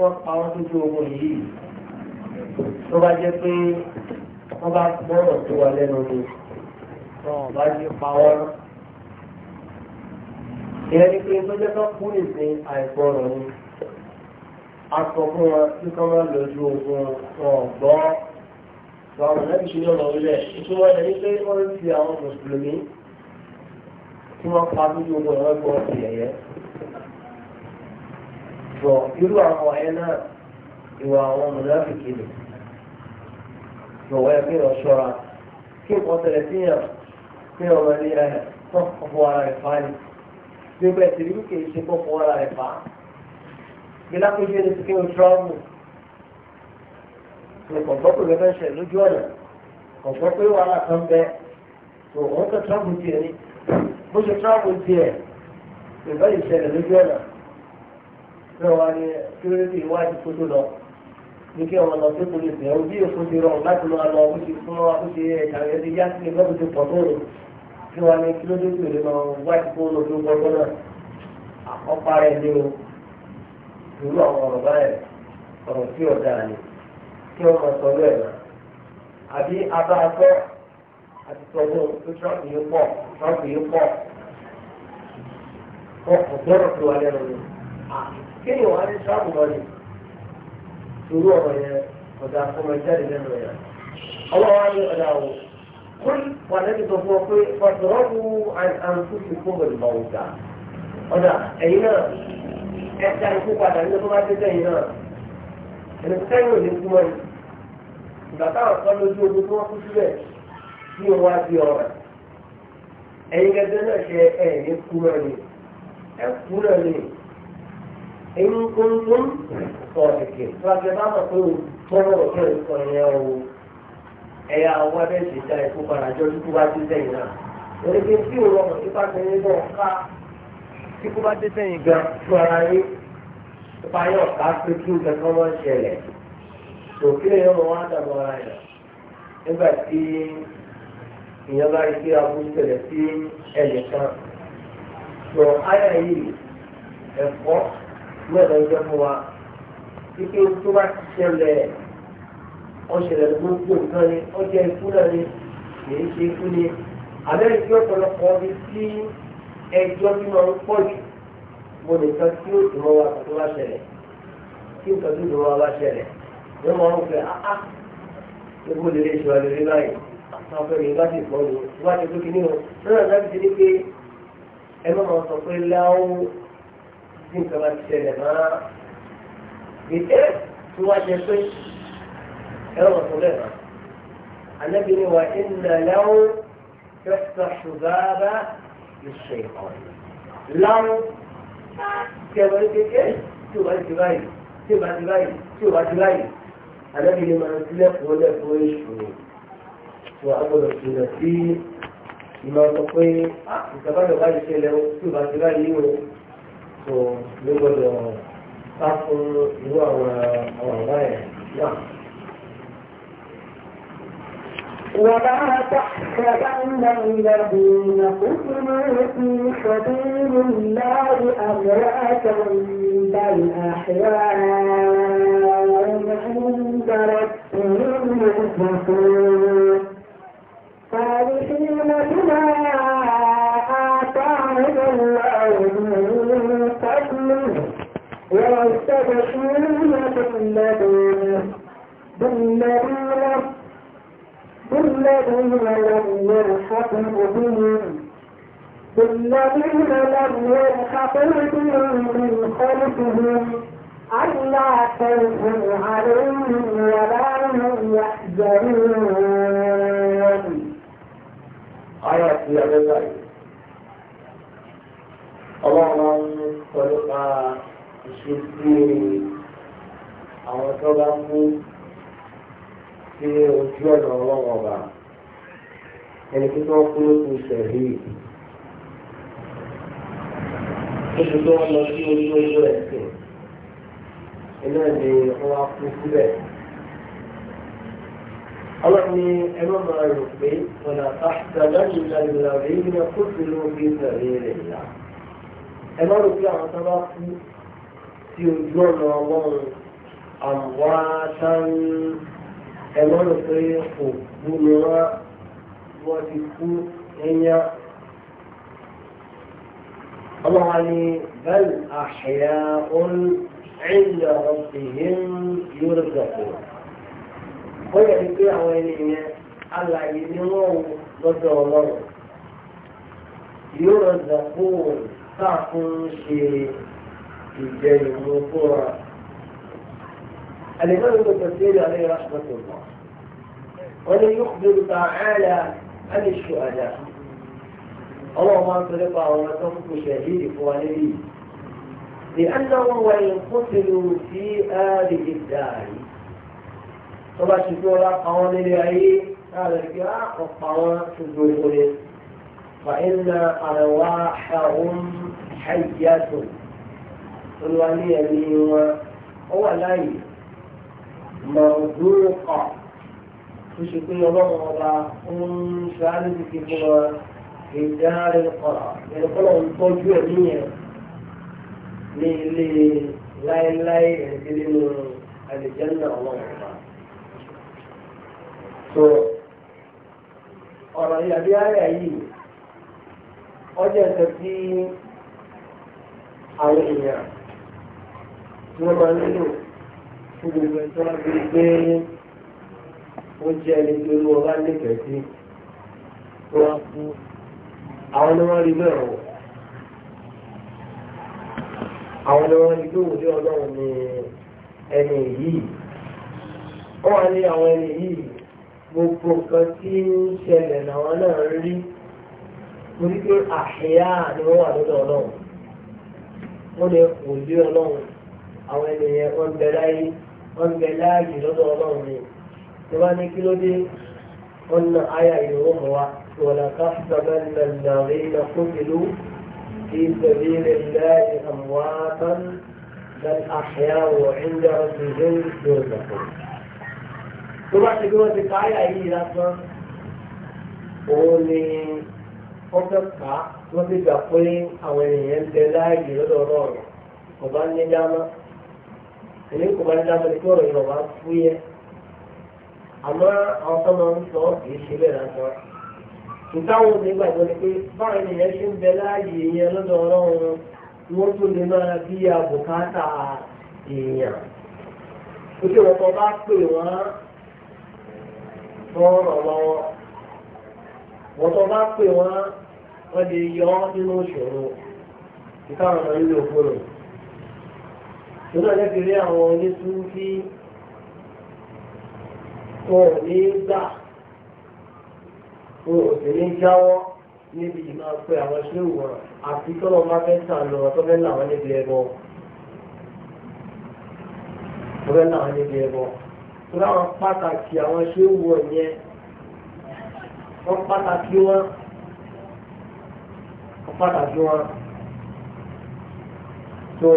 wọ́n pa wọ́n tó tó ogun yìí tó bá jẹ́ pé wọ́n bá gbọ́rọ̀ tó wà lẹ́nu ni wọ́n bá jẹ́ pa wọ́n ìyẹn ni pé tó jẹ́ tó kú nìsín àìgbọ́rọ̀ ni akọ̀kọ́ kíkọ́ máa lójú ogun ọ̀gbọ́ sọ̀rọ̀ lẹ́bí ṣe yọ̀nà orílẹ̀ ìtumọ̀ ẹ̀ ní pé wọ́n ti àwọn mùsùlùmí tí wọ́n pa lójú ogun ẹ̀rọ gbọ́ ti ẹ̀yẹ́ sọ irú àwọn ẹ̀ náà ìwà àwọn mùnàfíkì nì lọ́wọ́ ẹ̀ kí wọ́n ṣọ́ra kí nǹkan tẹ̀lé sí yàn kí wọ́n máa ẹ̀ tọ́ ọ̀pọ̀ ara rẹ̀ fa gbogbo ẹ̀ tẹ̀lé kì ṣe kọ́kọ́ ara rẹ̀ fa gbẹ́lá pé bí ẹni kí o tọ́ọ̀mù kò gbọ́ pé bẹ́ẹ̀ ṣe lójú ọ̀nà kò gbọ́ pé wàhálà kan bẹ tó wọ́n tó tọ́ọ̀mù tiẹ̀ ni bó ṣe tọ́ọ̀mù tiẹ̀ kò bẹ́ẹ̀ ìṣẹ̀lẹ̀ lójú ọ̀nà náà wà ní kírẹ́tì ìwádìí tó tó lọ ní kí ọmọ lọ sí polisi ẹ̀rù bí èso ti rọrùn láti máa lọ bó ṣe fún wa bó ṣe ẹ̀ka rẹ̀ ti yá sí ẹgbẹ́ bó ṣe pọ̀ tó rò kí wọ́n ní kí ló dé tó lè máa wáyé fún olóògbé gbọ́dọ̀ náà àkọ́pá rẹ̀ ní o irú àwọn ọ̀rọ̀ báyìí ọ̀rọ̀ tí ọ̀dà ni kí wọ́n máa sọ lóẹ̀ náà àbí abá agbọ́ àti sọ́dún tó trump yìí pọ̀ trump yìí pọ̀ ọkọ̀ gbọ́dọ̀ tó wà lẹ́nu ni kéèyàn wá ní trump lọ ni irú ọ̀rọ̀ yẹn ọ̀dà fọmọ ìjáde lẹ́nu yẹn ọlọ́wọ́ á ní ọ̀dà wò kún wà lẹ́nu fún ọ pé ọ̀dọ̀rọ̀ wù àǹtí fún mi kó bẹ̀rẹ̀ ọ̀dà ẹ̀yin náà ẹja ikú padà nínú tó bá dé sẹ́yìn náà ẹni sẹ́yìn ò ní kú mọ́ ni ìgbà táwọn kan lójú ogun tí wọ́n kú sílẹ̀ tí wọ́n wá di ọ̀ràn ẹ̀yin gẹ́gẹ́ náà ṣe ẹ̀ kú mọ́ ni ẹ̀ kú náà ni ẹ̀yin kúndún ọ̀dẹ̀kẹ̀ tó a jẹ bá mọ̀ pé o tọ́wọ́ ọ̀kẹ́ ìkọ̀yẹ́ o ẹ̀yà wá bẹ́ẹ̀ ṣe já ikú padà jọ ikú bá dé sẹ́yìn náà oníke tí òun ọmọ tí bá tẹ̀yìn bọ̀ ká ikú báyọ̀ ká pé kí nǹkan kan máa ń ṣẹlẹ̀ òkè èèyàn máa wá dàgbà ara yẹn nígbà tí èèyàn bá rí pé aburú ṣẹlẹ̀ sí ẹnìkan sọ ayà yìí ẹ̀kọ́ mẹ́ta ń jẹ́ fún wa kíkẹ́ tó bá ti ṣẹlẹ̀ ọ̀ṣẹlẹ̀ gbogbo nǹkan ni ọjọ́ ikú náà ni kìí ṣe ikú ni àbẹ́rẹ́ tí ọ̀pọ̀lọpọ̀ ọdún sí ẹjọ́ bí wọ́n ń pọ̀ jù mo nìkan tí ó dùn wá tó bá ṣẹlẹ̀ tí nǹkan tó dùn wá bá ṣẹlẹ̀ ní wọn ń fẹ́ áá ewu lè lè ṣọ́ lórí báyìí àwọn ọ̀fẹ́ mi bá ti pọ̀ ní o bá ti tó kíní o lọ́nà láti ṣe ni pé ẹ má máa sọ pé láwọ́ tí nǹkan bá ti ṣẹlẹ̀ máa ètè tí wọ́n ṣe pé ẹ má sọ bẹ́ẹ̀ máa ànábi ni wà ń nà láwọ́ fẹ́ sọ ṣùgbọ́n bá ìṣe ìkọ̀ọ̀lù kẹwàá kékeré tí o bá ti báyìí tí o bá ti báyìí tí o bá ti báyìí àdábì ni máa ń sílẹ̀ fún ọlẹ́ fún èṣù tó a gbọ́dọ̀ jìnnà sí ìmọ̀ sọ pé ìsàbàdàn bá ti ṣẹlẹ̀ tí o bá ti báyìí o tó ló gbọ́dọ̀ bá fún irú àwọn àwọn àbáyẹ̀ náà. ولا تحسبن الذين قتلوا في سبيل الله أمواتا بل أحياء عند ربهم يرزقون فرحين بما آتاهم الله من فضله ويستبشرون بالذين بالذين الذين لم يلحقوا بهم الذين لم يلحقوا بهم من خلفهم ألا خوف عليهم ولا هم يحزنون آيات يا بيتاي اللهم صل على سيدنا àwọn tó bá mú sí ojú ọ̀nà ọlọ́wọ́ ọba ẹni tó tó kú ló kú sẹ̀rí oṣù tó wọ́n lọ sí ojú ojú ẹ̀sìn iná ni wọ́n á kú síbẹ̀. Ọlọ́run ni ẹ má máa rò pé ọ̀nà àtàlẹ́ ìlànà rèé ní ẹkọ́ sí ló ń gbé sẹ̀rí rẹ̀ yá. Ẹ má rò pé àwọn tó bá kú sí ojú ọ̀nà ọlọ́run àwọn àtàlẹ́ ẹ má rò pé òkú ni wọ́n wọ́n ti kú ẹ̀yà ọlọ́wà ni bẹ́ẹ̀ àṣẹyà òun ẹ̀yà ọ̀sìn yóò rẹ̀ dọ̀kọ̀ ó yẹ kí àwọn ẹni yẹn alàyè ni wọ́n wò lọ́dọ̀ ọlọ́run yóò rẹ̀ dọ̀kọ̀ sáà fún ṣe ìjẹun fúnra. الإمام ابن كثير عليه رحمة الله ولن يخبر تعالى عن الشهداء اللهم انصر على ونصرك شهيد والدي لأنهم وإن قتلوا في هذه الدار طبعا شفتوا لا قوان لأي هذا الجاء والطوان في فإن أرواحهم حية الولي هو لا يجب mọ̀ọ́dúnrún kan tó ṣe pé ọlọ́run ọba ń ṣe àrídìkì fún ọ ìdáre kọ̀ọ̀rọ̀ ẹni kọ́lọ̀ ń tọ́jú ẹ̀ níyẹn ní ilé láéláé ẹ̀dí nínú àlìjẹ́nà ọlọ́run ọba. so ọ̀rọ̀ ìyàbí àyà yìí ọjọ́ ẹ̀sẹ̀ tí àwọn èèyàn tí wọ́n máa ń lò fún gbogbo ẹni tó bá fi gbé ó jẹ́ ẹni tó ló wọ́n bá nífẹ̀ẹ́ sí tó wá kú àwọn ni wọ́n rí bẹ́ẹ̀ o àwọn ni wọ́n rí pé òun ní ọlọ́run ni ẹni yìí wọ́n wá ní àwọn ẹni yìí gbogbo nǹkan tí ń ṣẹlẹ̀ làwọn náà rí torí pé àṣeyá ni wọ́n wà lọ́dọ̀ ọlọ́run wọ́n lè kò lé ọlọ́run àwọn ẹni yẹn wọ́n bẹ láyé wọ́n bẹ láàyè lọ́dọ̀ ọlọ́run ni tí wọ́n ní kí ló dé wọ́n na àyà ìró mọ́ wa wọ́n ká sábà nà nàrí nà kókèlú kí sẹ̀rí rẹ̀ láàyè àmúwátán bẹ àṣẹyà wọ̀ ẹ̀ńdà ọ̀sìn yóò dàpọ̀. tó bá ti gbé wọn ti ká àyà yìí lásán òun ni wọ́n fẹ́ ká wọ́n ti gbà pé àwọn ènìyàn ń bẹ láàyè lọ́dọ̀ ọlọ́run ọba ní dáná èyí kò bá ní dábẹ́ kí ọ̀rọ̀ ìrọ̀wá fúyẹ́ àmọ́ àwọn tó máa ń sọ kì í ṣe bẹ́ẹ̀ lásán ìtàwọn obìnrin gbàgbọ́ ni pé báwọn ènìyàn ṣe ń bẹ láàyè èèyàn lọ́dọ̀ ọlọ́run wọ́n tó lè máa bí àbùkátà èèyàn ó ṣe wọn kan bá pè wọ́n sọ̀rọ̀ lọ́wọ́ wọ́n tó bá lọ́dọ̀ lẹ́bi rí àwọn onísúnfí wọn ní gbà wọn ò sì ní jáwọ́ níbi ìmọ̀ pé àwọn ṣé wọn àti tọ́lọ́ máa fẹ́ sàn lọ tó fẹ́ làwọn níbi ẹbọ tó fẹ́ làwọn níbi ẹbọ tó láwọn pàtàkì àwọn ṣé wọn yẹn wọ́n pàtàkì wọn wọ́n pàtàkì wọn tó.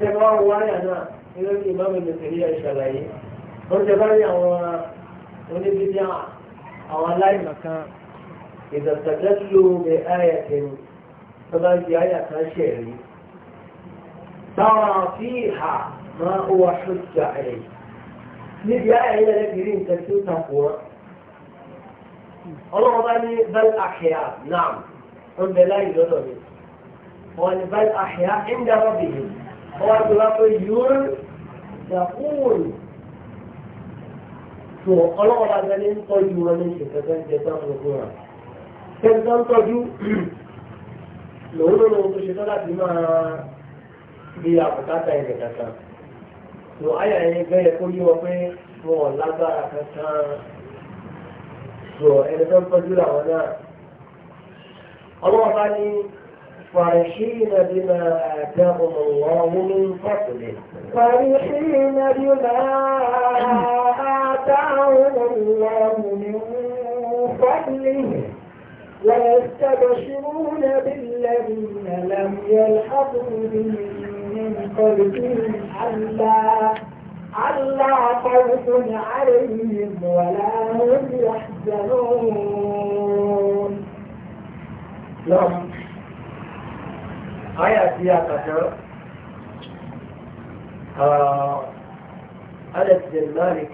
جماعه وانا الى الامام المسيحي الشرعي هو جماعي او ونبدا او الله اذا استدلوا بآية فلا في آية شعري ترى فيها ما هو حج عليه نبي آية هي التي رين تسوي تقوى الله أعطاني بل أحياء نعم هم بلا يدوني وأن بل أحياء عند ربهم wọ́n ti wá pé yóò yàkúùn tó ọlọ́wọ́ bá jẹ́ ní tọ́jú wọn ní ìṣẹ̀kẹ́kẹ́ jẹ sáfún fún wa kẹ́ni tó ń tọ́jú lòun ló lóun tó ṣe tọ́ láti máa bí àbùkátà ẹ̀rẹ̀ kankan tó àyà yẹn bẹ́ẹ̀ kó yí wọn pé wọn ò lágbára kankan tó ẹni tó ń tọ́jú làwọn náà ọlọ́wọ́ ní. فرحين بما آتاهم الله من فضله فرحين بما آتاهم الله من فضله ويستبشرون بالذين لم يلحقوا بهم من قلبهم ألا ألا خوف عليهم ولا هم يحزنون. نعم. àyà tí a kàtà Alex bin Malik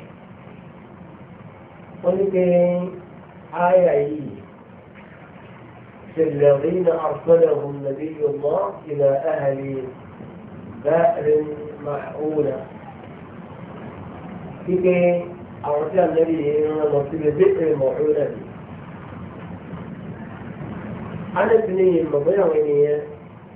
الذين أرسله نبي الله إلى أهل بئر محؤولة كيف أرسل النبي إلى مصير بئر محؤولة أنا ابني المضيع وينيه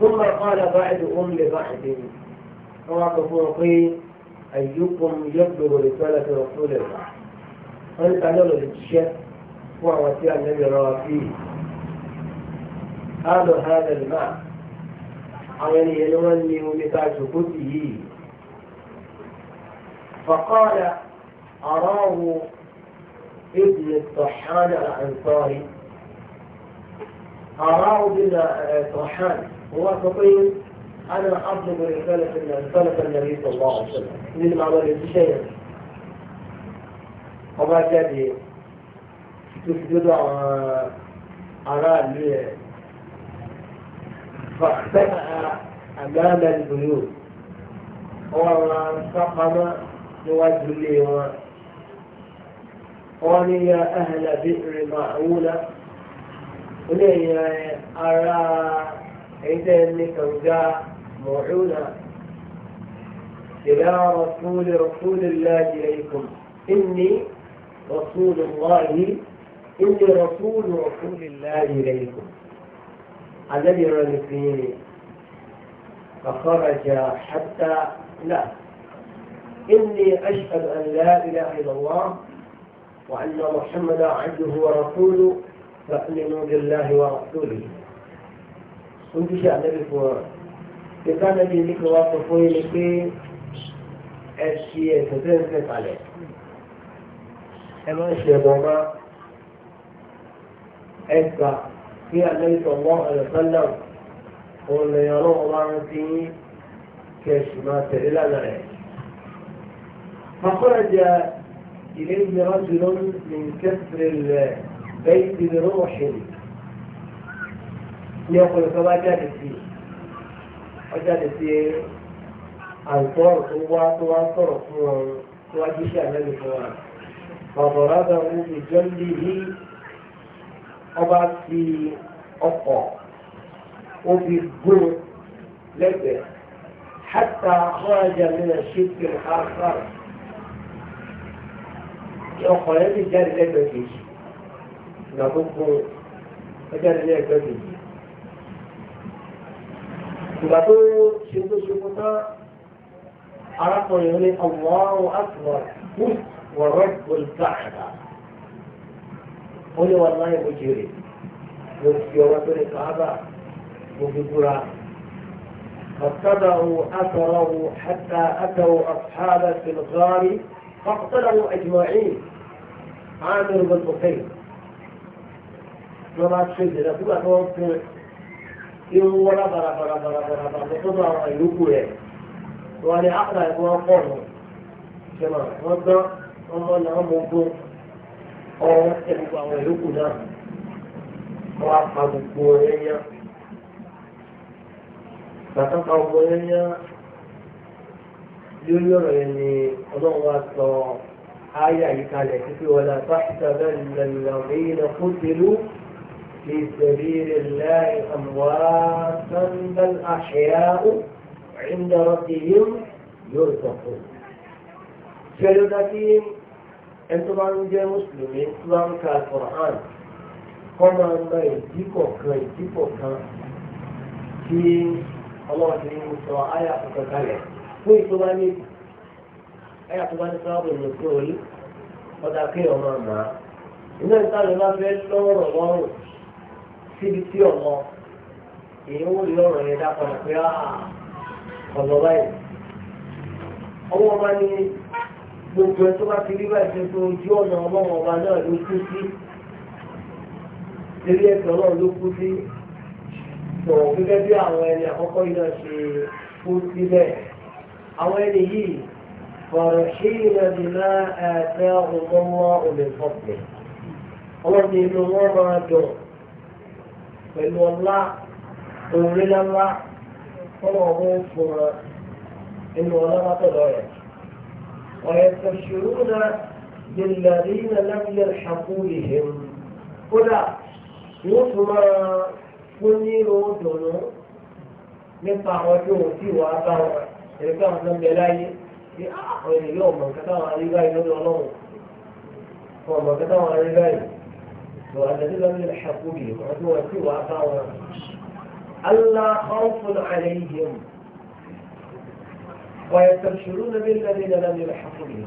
ثم قال بعدهم لبعد واقفوا قيل أيكم يبلغ رسالة رسول الله فأنت نرى الشيء وعوتي الذي روى فيه هذا هذا الماء عيني ينولي ولتاج سكوته فقال أراه ابن الطحان الأنصاري أراه ابن الطحان هو تقول أنا أطلب رسالة رسالة النبي صلى الله عليه وسلم من معمل بشيء ọba jáde tó fi dúdú àwọn aráàlú ẹ̀ fàtẹ́nà àgbàlagbà ìgbòho ọwọ́ àwọn sápamọ́ níwájú ilé wọn wọ́n ní ya ahàlà bí rìmà àwúlá ó lè yan ara. إذا نكوجا موعونا إلى رسول رسول الله إليكم إني رسول الله إني رسول رسول الله إليكم الذي رمسيني فخرج حتى لا إني أشهد أن لا إله إلا الله وأن محمدا عبده ورسوله فأمنوا بالله ورسوله ojúṣe àlẹ́bí fún ọ ìta àlẹ́bí nípa wa sọ fún yín ni pé ẹ ṣe ẹ̀sẹ̀ tẹ́ ń fẹ́ kalẹ̀ ẹ máa ń ṣe ẹ̀bọ̀n má ẹ gbà kí àlẹ́bí sọ mọ́ ẹ̀lẹ́sọ́lá òun lẹ́yìn ọlọ́run máa ń fi yín kí ẹ sì máa tẹ̀lé lánàá rẹ̀. فخرج إليه رجل من كسر البيت بروح ní ọkùnrin kan bá jáde sí i wọ́n jáde sí àìsọ́rọ̀ tó wá tó wá sọ̀rọ̀ fún wọn tó wá jí sí àlẹ́lẹ́ fún wa bàbọ̀rọ̀ àgbàwọ̀ ìjọ lè ní ọba fi ọkọ̀ ó fi gún lẹ́gbẹ̀ẹ́ hátà ọ̀rọ̀jà mìíràn ṣe fi àfàrà ọkọ̀ yẹn ti jáde lẹ́gbẹ̀ẹ́ kejì ìgbà tó gún ọjà lẹ́gbẹ̀ẹ́ kejì. ìgbà tó ṣe tó ṣe fún tán arákùnrin ní Allahu akbar fún wọ̀rọ̀ gbòlùkà àdá ó ní wọn láyé mo jèrè mo fi ọwọ́ tó ní káábà mo fi búra فابتدأوا أثره حتى أتوا أصحاب في الغار فاقتلوا أجمعين عامر بن بخير. ما بعد شيء لكن yóò wọ́n lábàrà bàrà bàrà bàrà bàrà tó bá àwọn ìlúkù rẹ̀ wọ́n ní àkàrà ẹ̀kọ́ wọn pọ̀ nù ṣẹlẹ̀ wọ́n gbọ́ wọ́n mọ́ náà mọ́ gbó ọ̀hún ẹ̀kọ́ àwọn ìlúkù náà wọ́n á pa gbogbo rẹ̀ yá bàtà pa في سبيل الله أمواتا بل أحياء عند ربهم يرزقون فلذلك أنتم عندي مسلمين إسلام كالقرآن كما أن يديكو كان يديكو كان في الله سبحانه وتعالى آية تتكلم fún سلامي ẹ̀yà tó bá ní sábà lòkè òní ọ̀dà kéèyàn máa mọ̀ á síbi tí ọmọ èyí ń wọlé ọ̀rọ̀ yẹn dápadà pé ah, ọ̀nà báyìí ọwọ́ ọba ní gbogbo ẹ tó bá ti rí báyìí tó tó ojú ọ̀nà ọlọ́run ọba náà ló kú sí eré ẹ̀sìn ọlọ́run ló kú sí tọ̀ gẹ́gẹ́ bí àwọn ẹni àkọ́kọ́ yìí náà ṣe kú síbẹ̀ àwọn ẹni yìí fọ̀rọ̀ ṣé ìrìnàjò náà ẹ̀ẹ́dẹ́ ọ̀gbọ́n wọn ọlọ́run ni inú wọn máa dùn pẹ̀lú ọlá òwúrẹ́ lọ́lá kọ́nà ọmọ fún wọn inú ọlọ́lá tọ̀dọ̀ rẹ̀. ويستبشرون بالذين لم يلحقوا بهم kódà yóò tún máa fún ní òdòdó nípa àwọn tí òun sì bá wọn ẹ̀rí pé àwọn ọmọ ẹláyé tí àwọn ènìyàn ọmọ nǹkan táwọn arí lọ́dọ̀ ọlọ́run ọmọ nǹkan táwọn arí وأن لم يلحقوا بهم عدوا سوى أباهم ألا خوف عليهم ويستبشرون بالذين لم يلحقوا بهم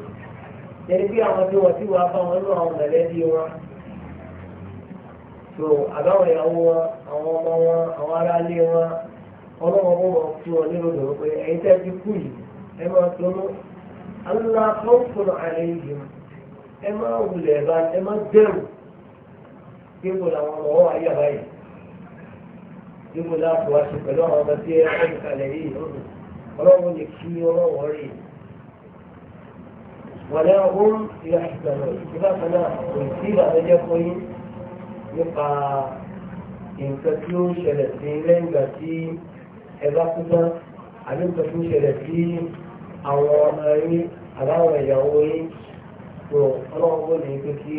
يعني في عدوا سوى أباهم وهم الذي هو so àbáwọn ìyàwó wọn àwọn ọmọ wọn àwọn aráalé wọn ọlọ́wọ́n wọn wọn fún wọn nínú ìdòwò pé ẹ̀yin tẹ́ ti kú yìí ẹ máa tónú aláàkọ́ńfọ̀nà àlẹ́ yìí ẹ máa wulẹ̀ bá ẹ máa bẹ̀rù tí mo làwọn ọmọ wọn ayé àbáyé tí mo láàbò aṣọ pẹ̀lú àwọn ọmọ tí ẹ ń kalẹ̀ yìí lọ́dún ọlọ́run lè kí ọlọ́wọ́ rí wàlẹ́ ọ̀hún ìyá ìgbàlọ́ ìgbà kan náà kò sí ìbànújẹ́ fún yín nípa nǹkan tí ó ń ṣẹlẹ̀ sí lẹ́yìn ìgbà tí ẹ bá kú tán àbí nǹkan tí ó ń ṣẹlẹ̀ sí àwọn ọmọ yín àbáwọn ìyàwó yín tó ọlọ́run lè pé kí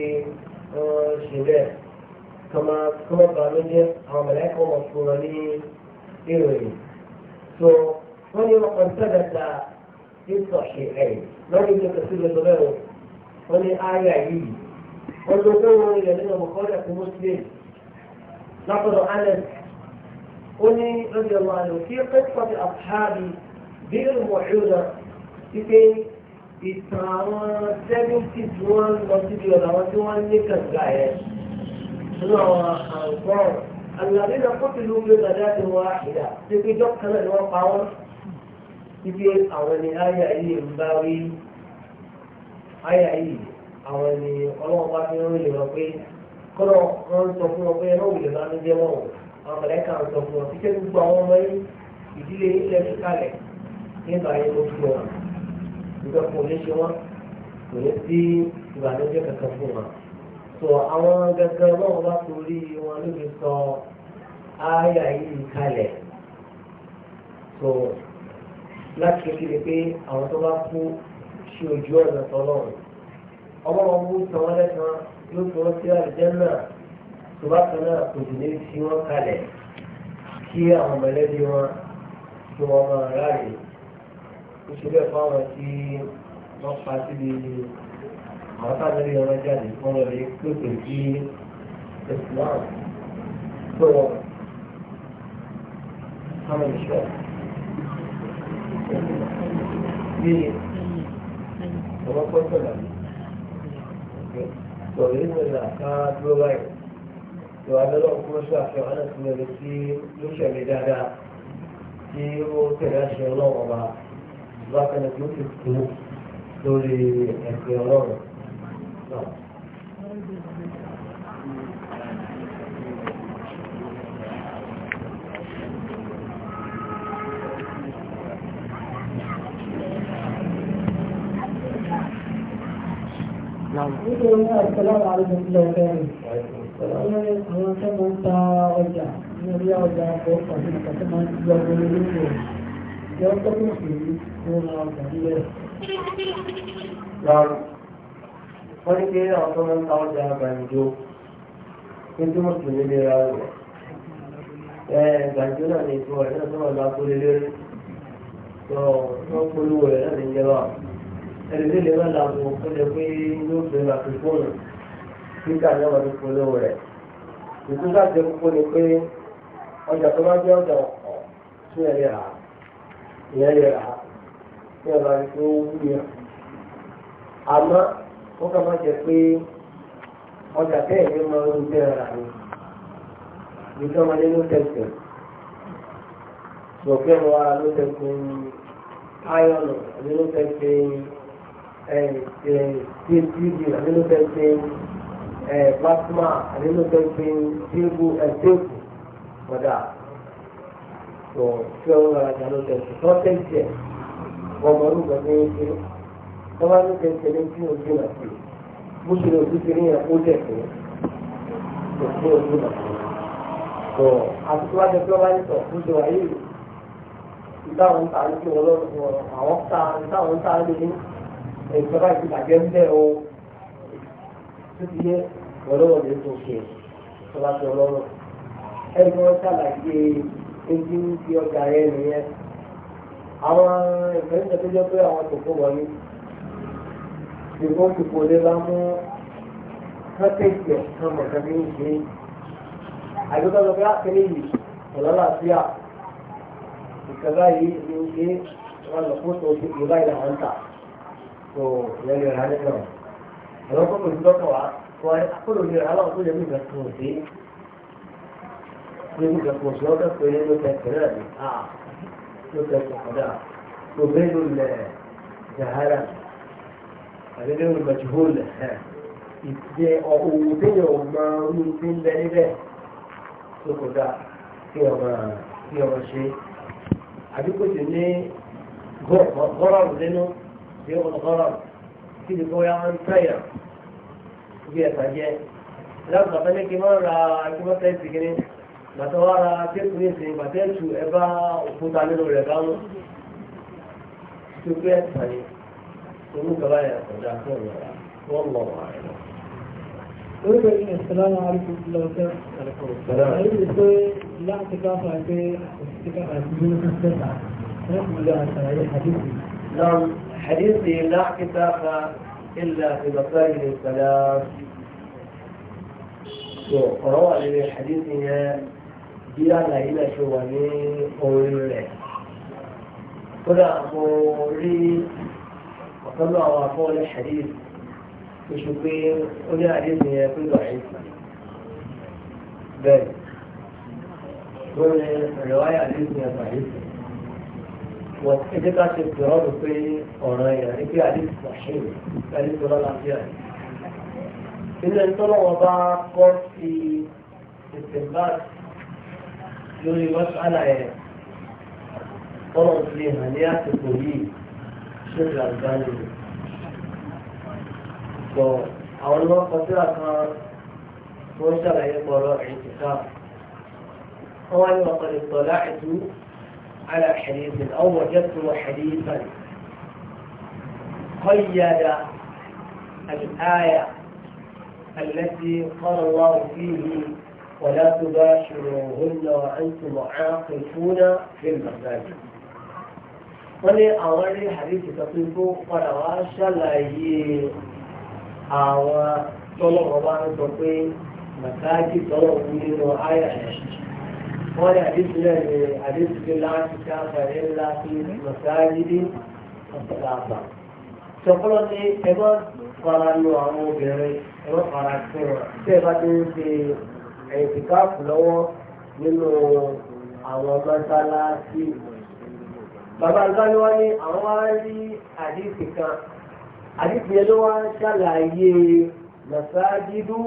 wọ́n ṣe bẹ́ẹ̀ kọ́mọ kọ́mọ bàmí ní àwọn mẹ̀lẹ́kọ̀ wọn fún wọn ní ìròyìn tó wọ́n ní wọn kàn sẹ́dá ta ìtọ̀ ṣe ẹ̀yìn lọ́dún ìjọ kẹsí lọ́dọ̀ bẹ́ẹ̀ wọ́n ní ayé yìí wọ́n tó kó wọn ilẹ̀ nínú bukọ́rí àti muslim lọ́kọ̀dọ̀ alẹ́ ó ní lórí ọmọ àlọ́ kí pẹ́pọ́ ti àbúhábì bí ìrùmọ̀ ìrùnà wípé ìtàn àwọn sẹ́fíntì not wọ́n lọ síbi ọ̀dọ̀ àwọn tí wọ́n ní kàǹgà nínú àwọn àǹkọ́rọ̀ àlùyàbí náà kó tìlú gbé gbàdá ti wá ìyá tí pé dọ́kítà náà ni wọ́n pa wọ́n ibi àwọn ni àyà yìí ń bá rí àyà yìí àwọn ni ọlọ́wọ́ bá fi ń rìn lọ pé kọ́nà wọn ń sọ fún wọn pé ẹ̀rọ òwúlẹ̀ máa ń jẹ́ wọn o àwọn mọ̀lẹ́kà ń sọ fún wọn títí gbogbo àwọn ọmọ yìí ìdílé ilẹ̀ fi kalẹ̀ nígbà yẹn ló fi wọn ìgbà kò ní ṣe wọn kò ní sí ìbànújẹ́ kankan fún wọn sọ àwọn gẹ́gẹ́ ọlọ́run bá torí wọn ló fi sọ ááyà yìí kalẹ̀ tó láti kékeré pé àwọn tó bá kú sí ojú ọ̀nà tọ́lọ́run ọmọ wọn kú sọ wọn lẹ́sàn-án yóò fi wọn sí àlùjànnà tó bá kan náà kò sì ní fi wọn kalẹ̀ kí àwọn mọ̀lẹ́bí wọn kí wọ́n máa ráàyè ó ṣe bẹ́ẹ̀ fáwọn tí wọ́n pa síbi ìlú àwọn tá a lórí ọ̀rọ̀ jáde fún ọ̀rọ̀ rẹ̀ kí ó pè sí Islam tó wọ́n àwọn ìṣọ́ bí ọ̀rọ̀ pọ́ńtò làbí sọ̀rọ̀ nínú ìlà ká dúró báyìí ìwà lọ́lọ́ fún ọṣù àti ọ̀hánà tí mo lè fi ló ṣẹ̀lẹ̀ dáadáa tí ó tẹ̀lé àṣẹ ọlọ́run ọba bákan nítorí wọ́n ní pé àwọn tó máa ń ta ọjà gbàǹjo pé tí mùsùlùmí lè ra ọ̀rọ̀ ẹ̀ gbàǹjo náà ní ìtumọ̀ rẹ̀ náà tó wà lápò lélẹ́rí tó wọ́n polówó rẹ̀ náà ní ìjẹba ẹni tó lè má làbò ó lè pé yóò fẹ́ máa fi fóònù nígbà náà wọ́n ti polówó rẹ̀ ìtú láti kókó ni pé ọjà tó bá jẹ́ ọjà ọ̀pọ̀ tí ẹ lè rà ìyẹn lè rà ní ọ̀la ìfowópamọ́ àmọ́ wọ́n kà máa jẹ pé ọjà bẹ́ẹ̀ ni máa ń jẹ́ ara rẹ̀ ní kí wọ́n máa ní ló tẹ̀sẹ̀ sọ̀kẹ́ ọ̀rọ̀ ara ló tẹ̀sẹ̀ ayọ̀nù àbí ló tẹ̀sẹ̀ tíìtì àbí ló tẹ̀sẹ̀ plasma àbí ló tẹ̀sẹ̀ tíìbù ẹ̀tẹ́kù ọ̀dà sọ̀kẹ́ ọ̀rọ̀ ara ló tẹ̀sẹ̀ tọ́tẹ̀sẹ̀ ọmọ orúkọ wọ́n máa ń tẹ tẹ̀lé tí o dín náà sí bó ṣe lè ojú kiri yẹn ó dẹ̀ tẹ̀lé kò sí ojú náà sí. tó àti tí wọ́n jẹ́ pé wọ́n bá ń sọ bó ṣe wà yìí ìtàwọn ń ta ní kí wọ́n lọ́rùn wọn àwọn ta ìtàwọn ń ta ní ní ìjọba ìbàjẹ́ ń bẹ̀ o tó ti yẹ wọ́n lè tó ṣe tó bá ṣe ọlọ́run ẹni wọ́n ṣàlàyé ojú ti ọjà yẹn nìyẹn àwọn ìfẹ́ ṣùgbọ́n kòkò lè bá mú kọ́tẹ́ẹ̀tì ọ̀kan mọ̀kan ní ìṣe àgbẹ̀kọ́ lọ bá kẹ́lẹ́ yìí ọ̀lọ́láàfíà ìkẹ́lá yìí ní ṣe wọn lọ fún tó ṣe ìlú báyìí làwọn ń tà tó ìyẹn lè rà á nígbà wọn. àwọn kọ́kọ́ ìlú lọ́kọ̀ wá kọ́ ẹ akọ́lò lè rà á láwọn tó yẹ nígbà tó ń ṣe ní nígbà tó ń ṣe ọ̀kẹ́ pé ló tẹ kẹ̀lẹ́ rẹ̀ ní à ló tẹ kẹ̀kọ́ dà tó bẹ́ẹ̀ ló lẹ̀ jàhálà ní àdéhùn ìmọ̀júhóòlù ìdíje òwò téèyàn ò mọ orí ti ń bẹ níbẹ̀ tó kò dáa kí ọmọ kí ọmọ ṣe àbí kò sì ní gọ́rọ̀mù nínú bí ó kọ́ gọ́rọ̀mù kí ni kó yá wọn ń tẹ̀yà bí ẹ̀ka jẹ́ láti bàtà ní kí wọ́n ra kí wọ́n tẹ̀ sí kiri bàtà wọ́n ra téèkù ní ìsìn bàtà ẹ̀tù ẹ̀ bá òkúta nínú rẹ̀ bá wọn tó gbé ẹ̀ka yìí. ونوك لا يرجع والله أعلم orúkọ yìí ní ṣàlámà àríkùsí lọ́wọ́tẹ́ àríkùsí láti káfà pé òṣìṣẹ́ àti ìlú sẹ́ta lẹ́kùnlé àṣàyẹ àdíkù. nam hadithi láti káfà ilẹ̀ ìbàkáyì ní salam so ọ̀rọ̀ wà lórí hadithi yẹn bí àlàyé náà ṣe wà ní orí rẹ̀ kódà mo rí pẹ̀lú àwọn afọ́lẹ̀ hadith oṣù pé ó ní hadith yẹn pé lọ́ọ̀ẹ́ bẹ́ẹ̀ wọ́n ní rẹwáyà hadith yẹn lọ́ọ̀ẹ́ wọ́n ti ẹjẹ́ ká ṣe pẹ̀lú pé ọ̀ràn yẹn ní pé hadith sọ̀ṣẹ́ hadith tó lọ́láfíà yìí ilé tọ́lọ́wọ́ bá kọ́ sí ìsìnbáàt ṣéèkì àgbáyé rẹ̀ bọ̀ àwọn ọmọ kọtíra kan wọ́n ṣàlàyé على حديث أو وجدته حديثا قيد الآية التي قال الله فيه ولا تباشروهن وأنتم عاقفون في المساجد wọ́n ní àwọn rí àdéhùn ìtọ́jú tó padà wá ṣàlàyé àwọn tọ́lọ́wọ́ bá ń sọ pé màtáàjì tọ́lọ́wọ́ nínú àyà rẹ̀. wọ́n ní àdéhùn náà ní àdéhùn tó láti ká àgbàdo ńlá sí màtáàjì ní ọ̀pọ̀lọpọ̀. sọ̀kọ́lọ́ ní ẹ bá fara lu àwọn obìnrin ẹ bá fara sí wọn tí ẹ bá ti ń ṣe ẹ̀yìn lọ́wọ́ nínú àwọn mọ́sálásí ìlú bàbá àgbáyé wá ní àwọn wá rí àdìsí kan àdìsí yẹn ló wá ń ṣàlàyé masajidu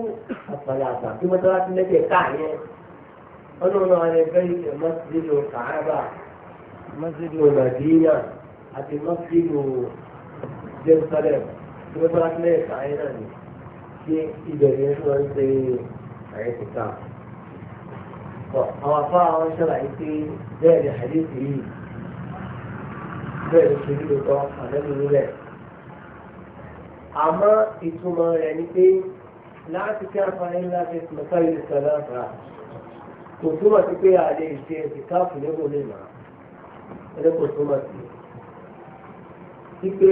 àfàlàfà kí mọ́tàlásí lẹ́kẹ̀ẹ́ ká yẹn wọ́n lọ́nà àwọn ẹgbẹ́ ìṣẹ̀ masjidu kàábà masjidu madina àti masjidu jerusalem kí mọ́tàlásí lẹ́kẹ̀ẹ́ ká yẹn náà ni kí ìbẹ̀rẹ̀ yẹn tó ń ṣe àyẹ̀kí ká. àwọn afá àwọn ṣàlàyé pé bẹ́ẹ̀ ni àdìsí yìí bẹ́ẹ̀ ló ṣe nílò tọ́ ànábì nílẹ̀. àmọ́ ìtumọ̀ rẹ̀ ni pé láti kí àfààní ńlá fi mọ̀ká ìlú sọ̀rọ̀ àgbà kò túmọ̀ sí pé àlè ìṣe ìkáàfù lébò lè mà ẹni kò túmọ̀ sí. sí pé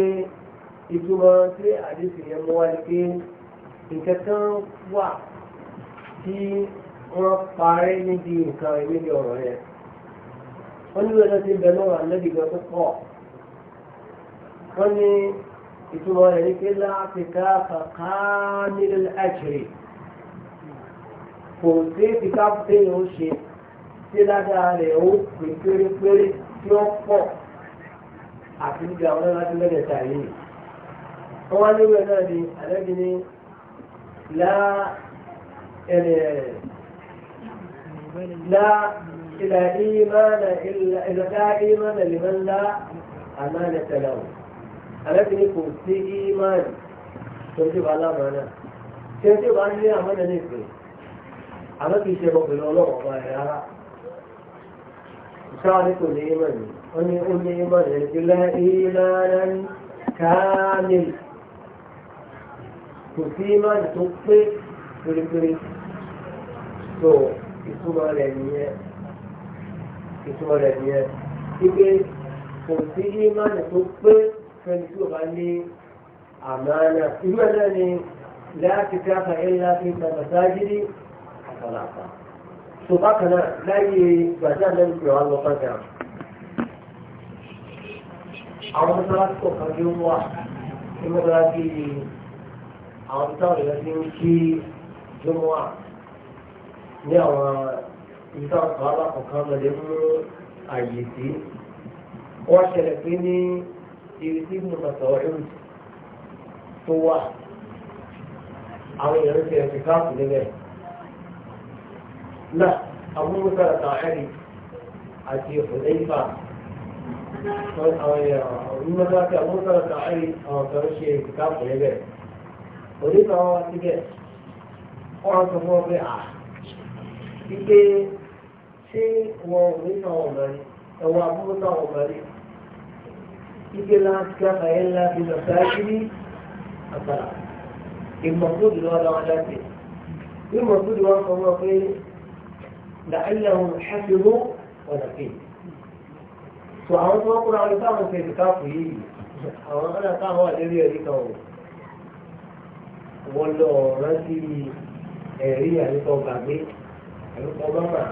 ìtumọ̀ tí àdéhùn yẹn mú wá ni pé nǹkan kan wà tí wọ́n parẹ́ níbi nǹkan ìwé ní ọ̀rọ̀ yẹn. wọ́n ní wọ́n ti bẹ̀rù ànábì gan tó pọ̀ wọ́n ní ìtumọ̀ rẹ̀ ní pé láti ká kàkà nílẹ̀ ẹ̀jẹ̀rì kò sí ti ká bẹ́ẹ̀ ó ṣe tí ládàá rẹ̀ ó pè pérépéré tí ó pọ̀ àti níbi àwọn ẹ̀rọ láti mẹ́tẹ̀ẹ̀ta yìí. wọ́n wá lórí náà ni àlẹ́bí ni lá ẹ̀rẹ̀ lá ilẹ̀ ìmọ̀ ilẹ̀ ìmọ̀ lè mọ̀ ńlá àmọ́ ẹ̀ wọn àlẹ́bìnrin kò sí ímáàlì tó ti bá lámàánà tí ó ti bá nílé àmọ́nà ní ìpè àmọ́ kìí ṣe ọkùnrin ọlọ́wọ́ bá rẹ̀ rárá ìṣáà ní kò ní ímáàlì ó ní ó ní ímáàlì rẹ̀ ti lẹ́ ìlànà káàmì kò sí ímáàlì tó pé pérépéré tó ìtumọ̀ rẹ̀ nìyẹn ìtumọ̀ rẹ̀ nìyẹn ìgbé kò sí ímáàlì tó pé fẹ́ni tí ó bá ní àmàna irú ẹ̀ ni láti fi àkà ẹ̀ láti fi màsáàjìrì àkàlàkà tó bákan náà láyé gbàdá náà ń pè wá lọ padà àwọn mọ́sálásí kọ̀ọ̀kan ló wà ní mọ́sálásí àwọn táwọn èèyàn ti ń kí jọmọ́à ní àwọn ìtàn kan alákọ̀ọ́kan mú àyè sí wọ́n ṣẹlẹ̀ pé ní ti ibnu tó wà àwọn èèyàn ẹ̀sìn káàpù níbẹ̀. Náà àwọn ọmọ sára àti Hudayfa àwọn àwọn sára kan ẹ̀rì àwọn kan ṣe ẹ̀sìn káàpù níbẹ̀. Hudayfa sọ fún ọ إذا لا أحكام إلا في مساجد الصلاة المفروض الوضع على ذلك المفروض الوضع هو في لعلهم حفظوا ونقيوا وعوض وقل على فهم في كتابه àwọn ọ̀nà táwọn àlérí ẹ̀rí kan wò wọ́n lọ rántí ẹ̀rí àyíkọ́ gbàgbé àyíkọ́ bọ́mà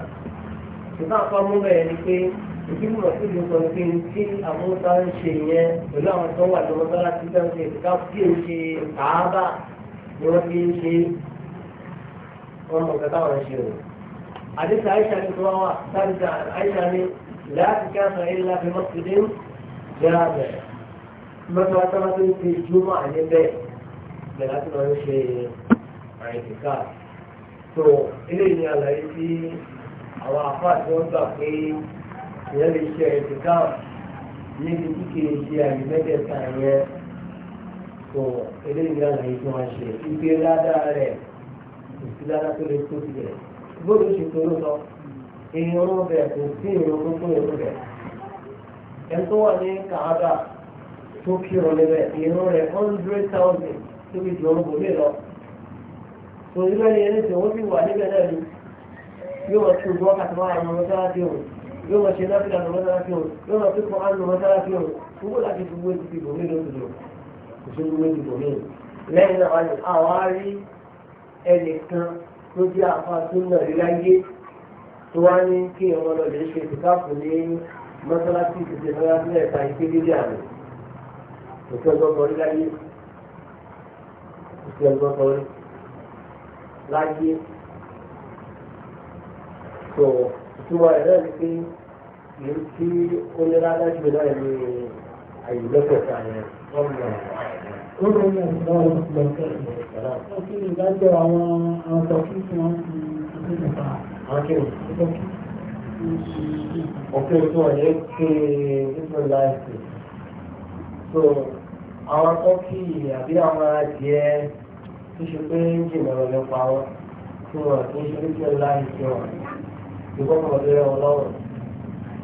ṣùgbọ́n àpamọ́ bẹ́ẹ̀ ni pé ìdíbò rẹ̀ tó lè sọ pé tí àwọn ń ṣe yẹn pẹ̀lú àwọn tó wà lọ́wọ́ tó láti dá ṣe ká kí n ṣe kàábà ni wọ́n fi ń ṣe wọn mọ̀ nǹkan táwọn ṣe o. àdéhùn àìsàn ni tó wá wà sáàdìsà àìsàn ni láti ká sọ èyí láti mọ́ sí dé jẹ́ra bẹ̀rẹ̀. mọ́tò wa sábà tó ń ṣe júmọ́ àyè bẹ́ẹ̀ bẹ̀rẹ̀ láti lọ ṣe àìsíkà. tó eléyìí ni àlàyé tí àwọn àfáà tí wọ́n gbà pé ìyẹn lè ṣe ẹ̀sìn káwọn níbi tí kì í ṣe àyè mẹ́tẹ̀ẹ̀ta yẹn tó eléyìí náà lè tún wọn ṣe ìgbé ládàá rẹ̀ òsì ládàá tó lè tó tilẹ̀ gbọ́dọ̀ ṣe tó ló sọ èèyàn ló bẹ̀ kò sí èèyàn tó tó èèyàn bẹ̀ ẹ̀ tó wà ní kàádà tó kírun níbẹ̀ èèyàn rẹ̀ hundred thousand tó fi jọ ọ́n bò lọ tòun ní bẹ́ẹ̀ ni ẹni tí wọ́n fi wà níbẹ̀ náà ni yóò tún gbọ́ kàtàkùn àwọn ọmọ sáà yóò máa ṣe náfìlà lọ mọ́sálásí òun yóò máa pípọ̀ án lọ mọ́sálásí òun gbogbo láti fi wé ti dìbò mí lóṣooṣù kò ṣe wé dìbò mí. lẹ́yìn náà wáyé àwọn arí ẹnìkan tó jẹ́ àfa tó nà rí láyé tó wá ní kí ọmọ lọ lè ṣe ìtìkáàfù ní mọ́sálásí ìṣẹ̀ṣẹ̀ mọ́sálásí ẹ̀ka ìkéde àmì kò sí ọgbọ́n kan láyé kò sí ọgbọ́n kan láyé ìtumọ̀ rẹ̀ náà ni pé èyí tí ó ní rárá jù náà ni àyè lọ́sọ̀ọ̀sẹ̀ àyẹ̀ wọ́n mọ̀ ó lè ní ẹ̀sìn náà wọ́n ti lọ sẹ́yìn. kí ni ìdájọ́ àwọn àwọn tọ́kí tí wọ́n ti ṣe nípa tọ́kí? òkè tí wọ́n yẹ kí nípa láìsí. àwọn tọ́kí àbí àwọn adìẹ tó ṣe pé ń jìnnà lọ́pàá wọn tí wọ́n kì í ṣe nípa láìsí wọn ṣùgbọ́n mo lè ràn lọ́rùn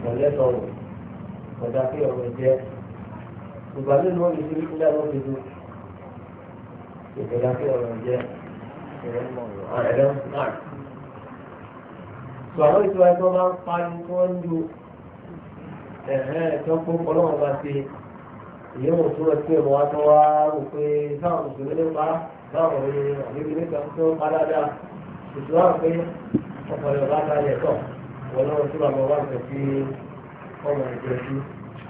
ọ̀lẹ́tọ̀ọ̀rọ̀ ọ̀dà kí ọ̀rọ̀ jẹ́ ìgbà mélòó ni ṣe wípé lẹ́nu ti du ìgbà kí ọ̀rọ̀ jẹ́ ẹ̀rọ náà. Sọ̀rọ̀ ìtura ẹ̀tọ́ máa ń parí tí wọ́n ń lu ẹ̀hẹ́ ẹ̀tọ́ fún ọlọ́run bá ìyẹn wò tó rẹ̀ pé ọmọ wa tó wá rò pé sáwọn mùsùlùmí ló báwọn ọ̀rẹ́ ọ̀rẹ́ ìgbìlẹ̀ kan tó pa dáadáa ìtura pé ọmọ yorùbá bá yẹ tọ̀ wọn náà tún àwọn wà nǹkan tí ọmọ ìjọ sí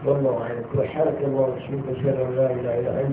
lọ́nà àìkú ṣáà tó wọ́n ṣe ń kó ṣẹ́ra ìlà ìlà ẹ̀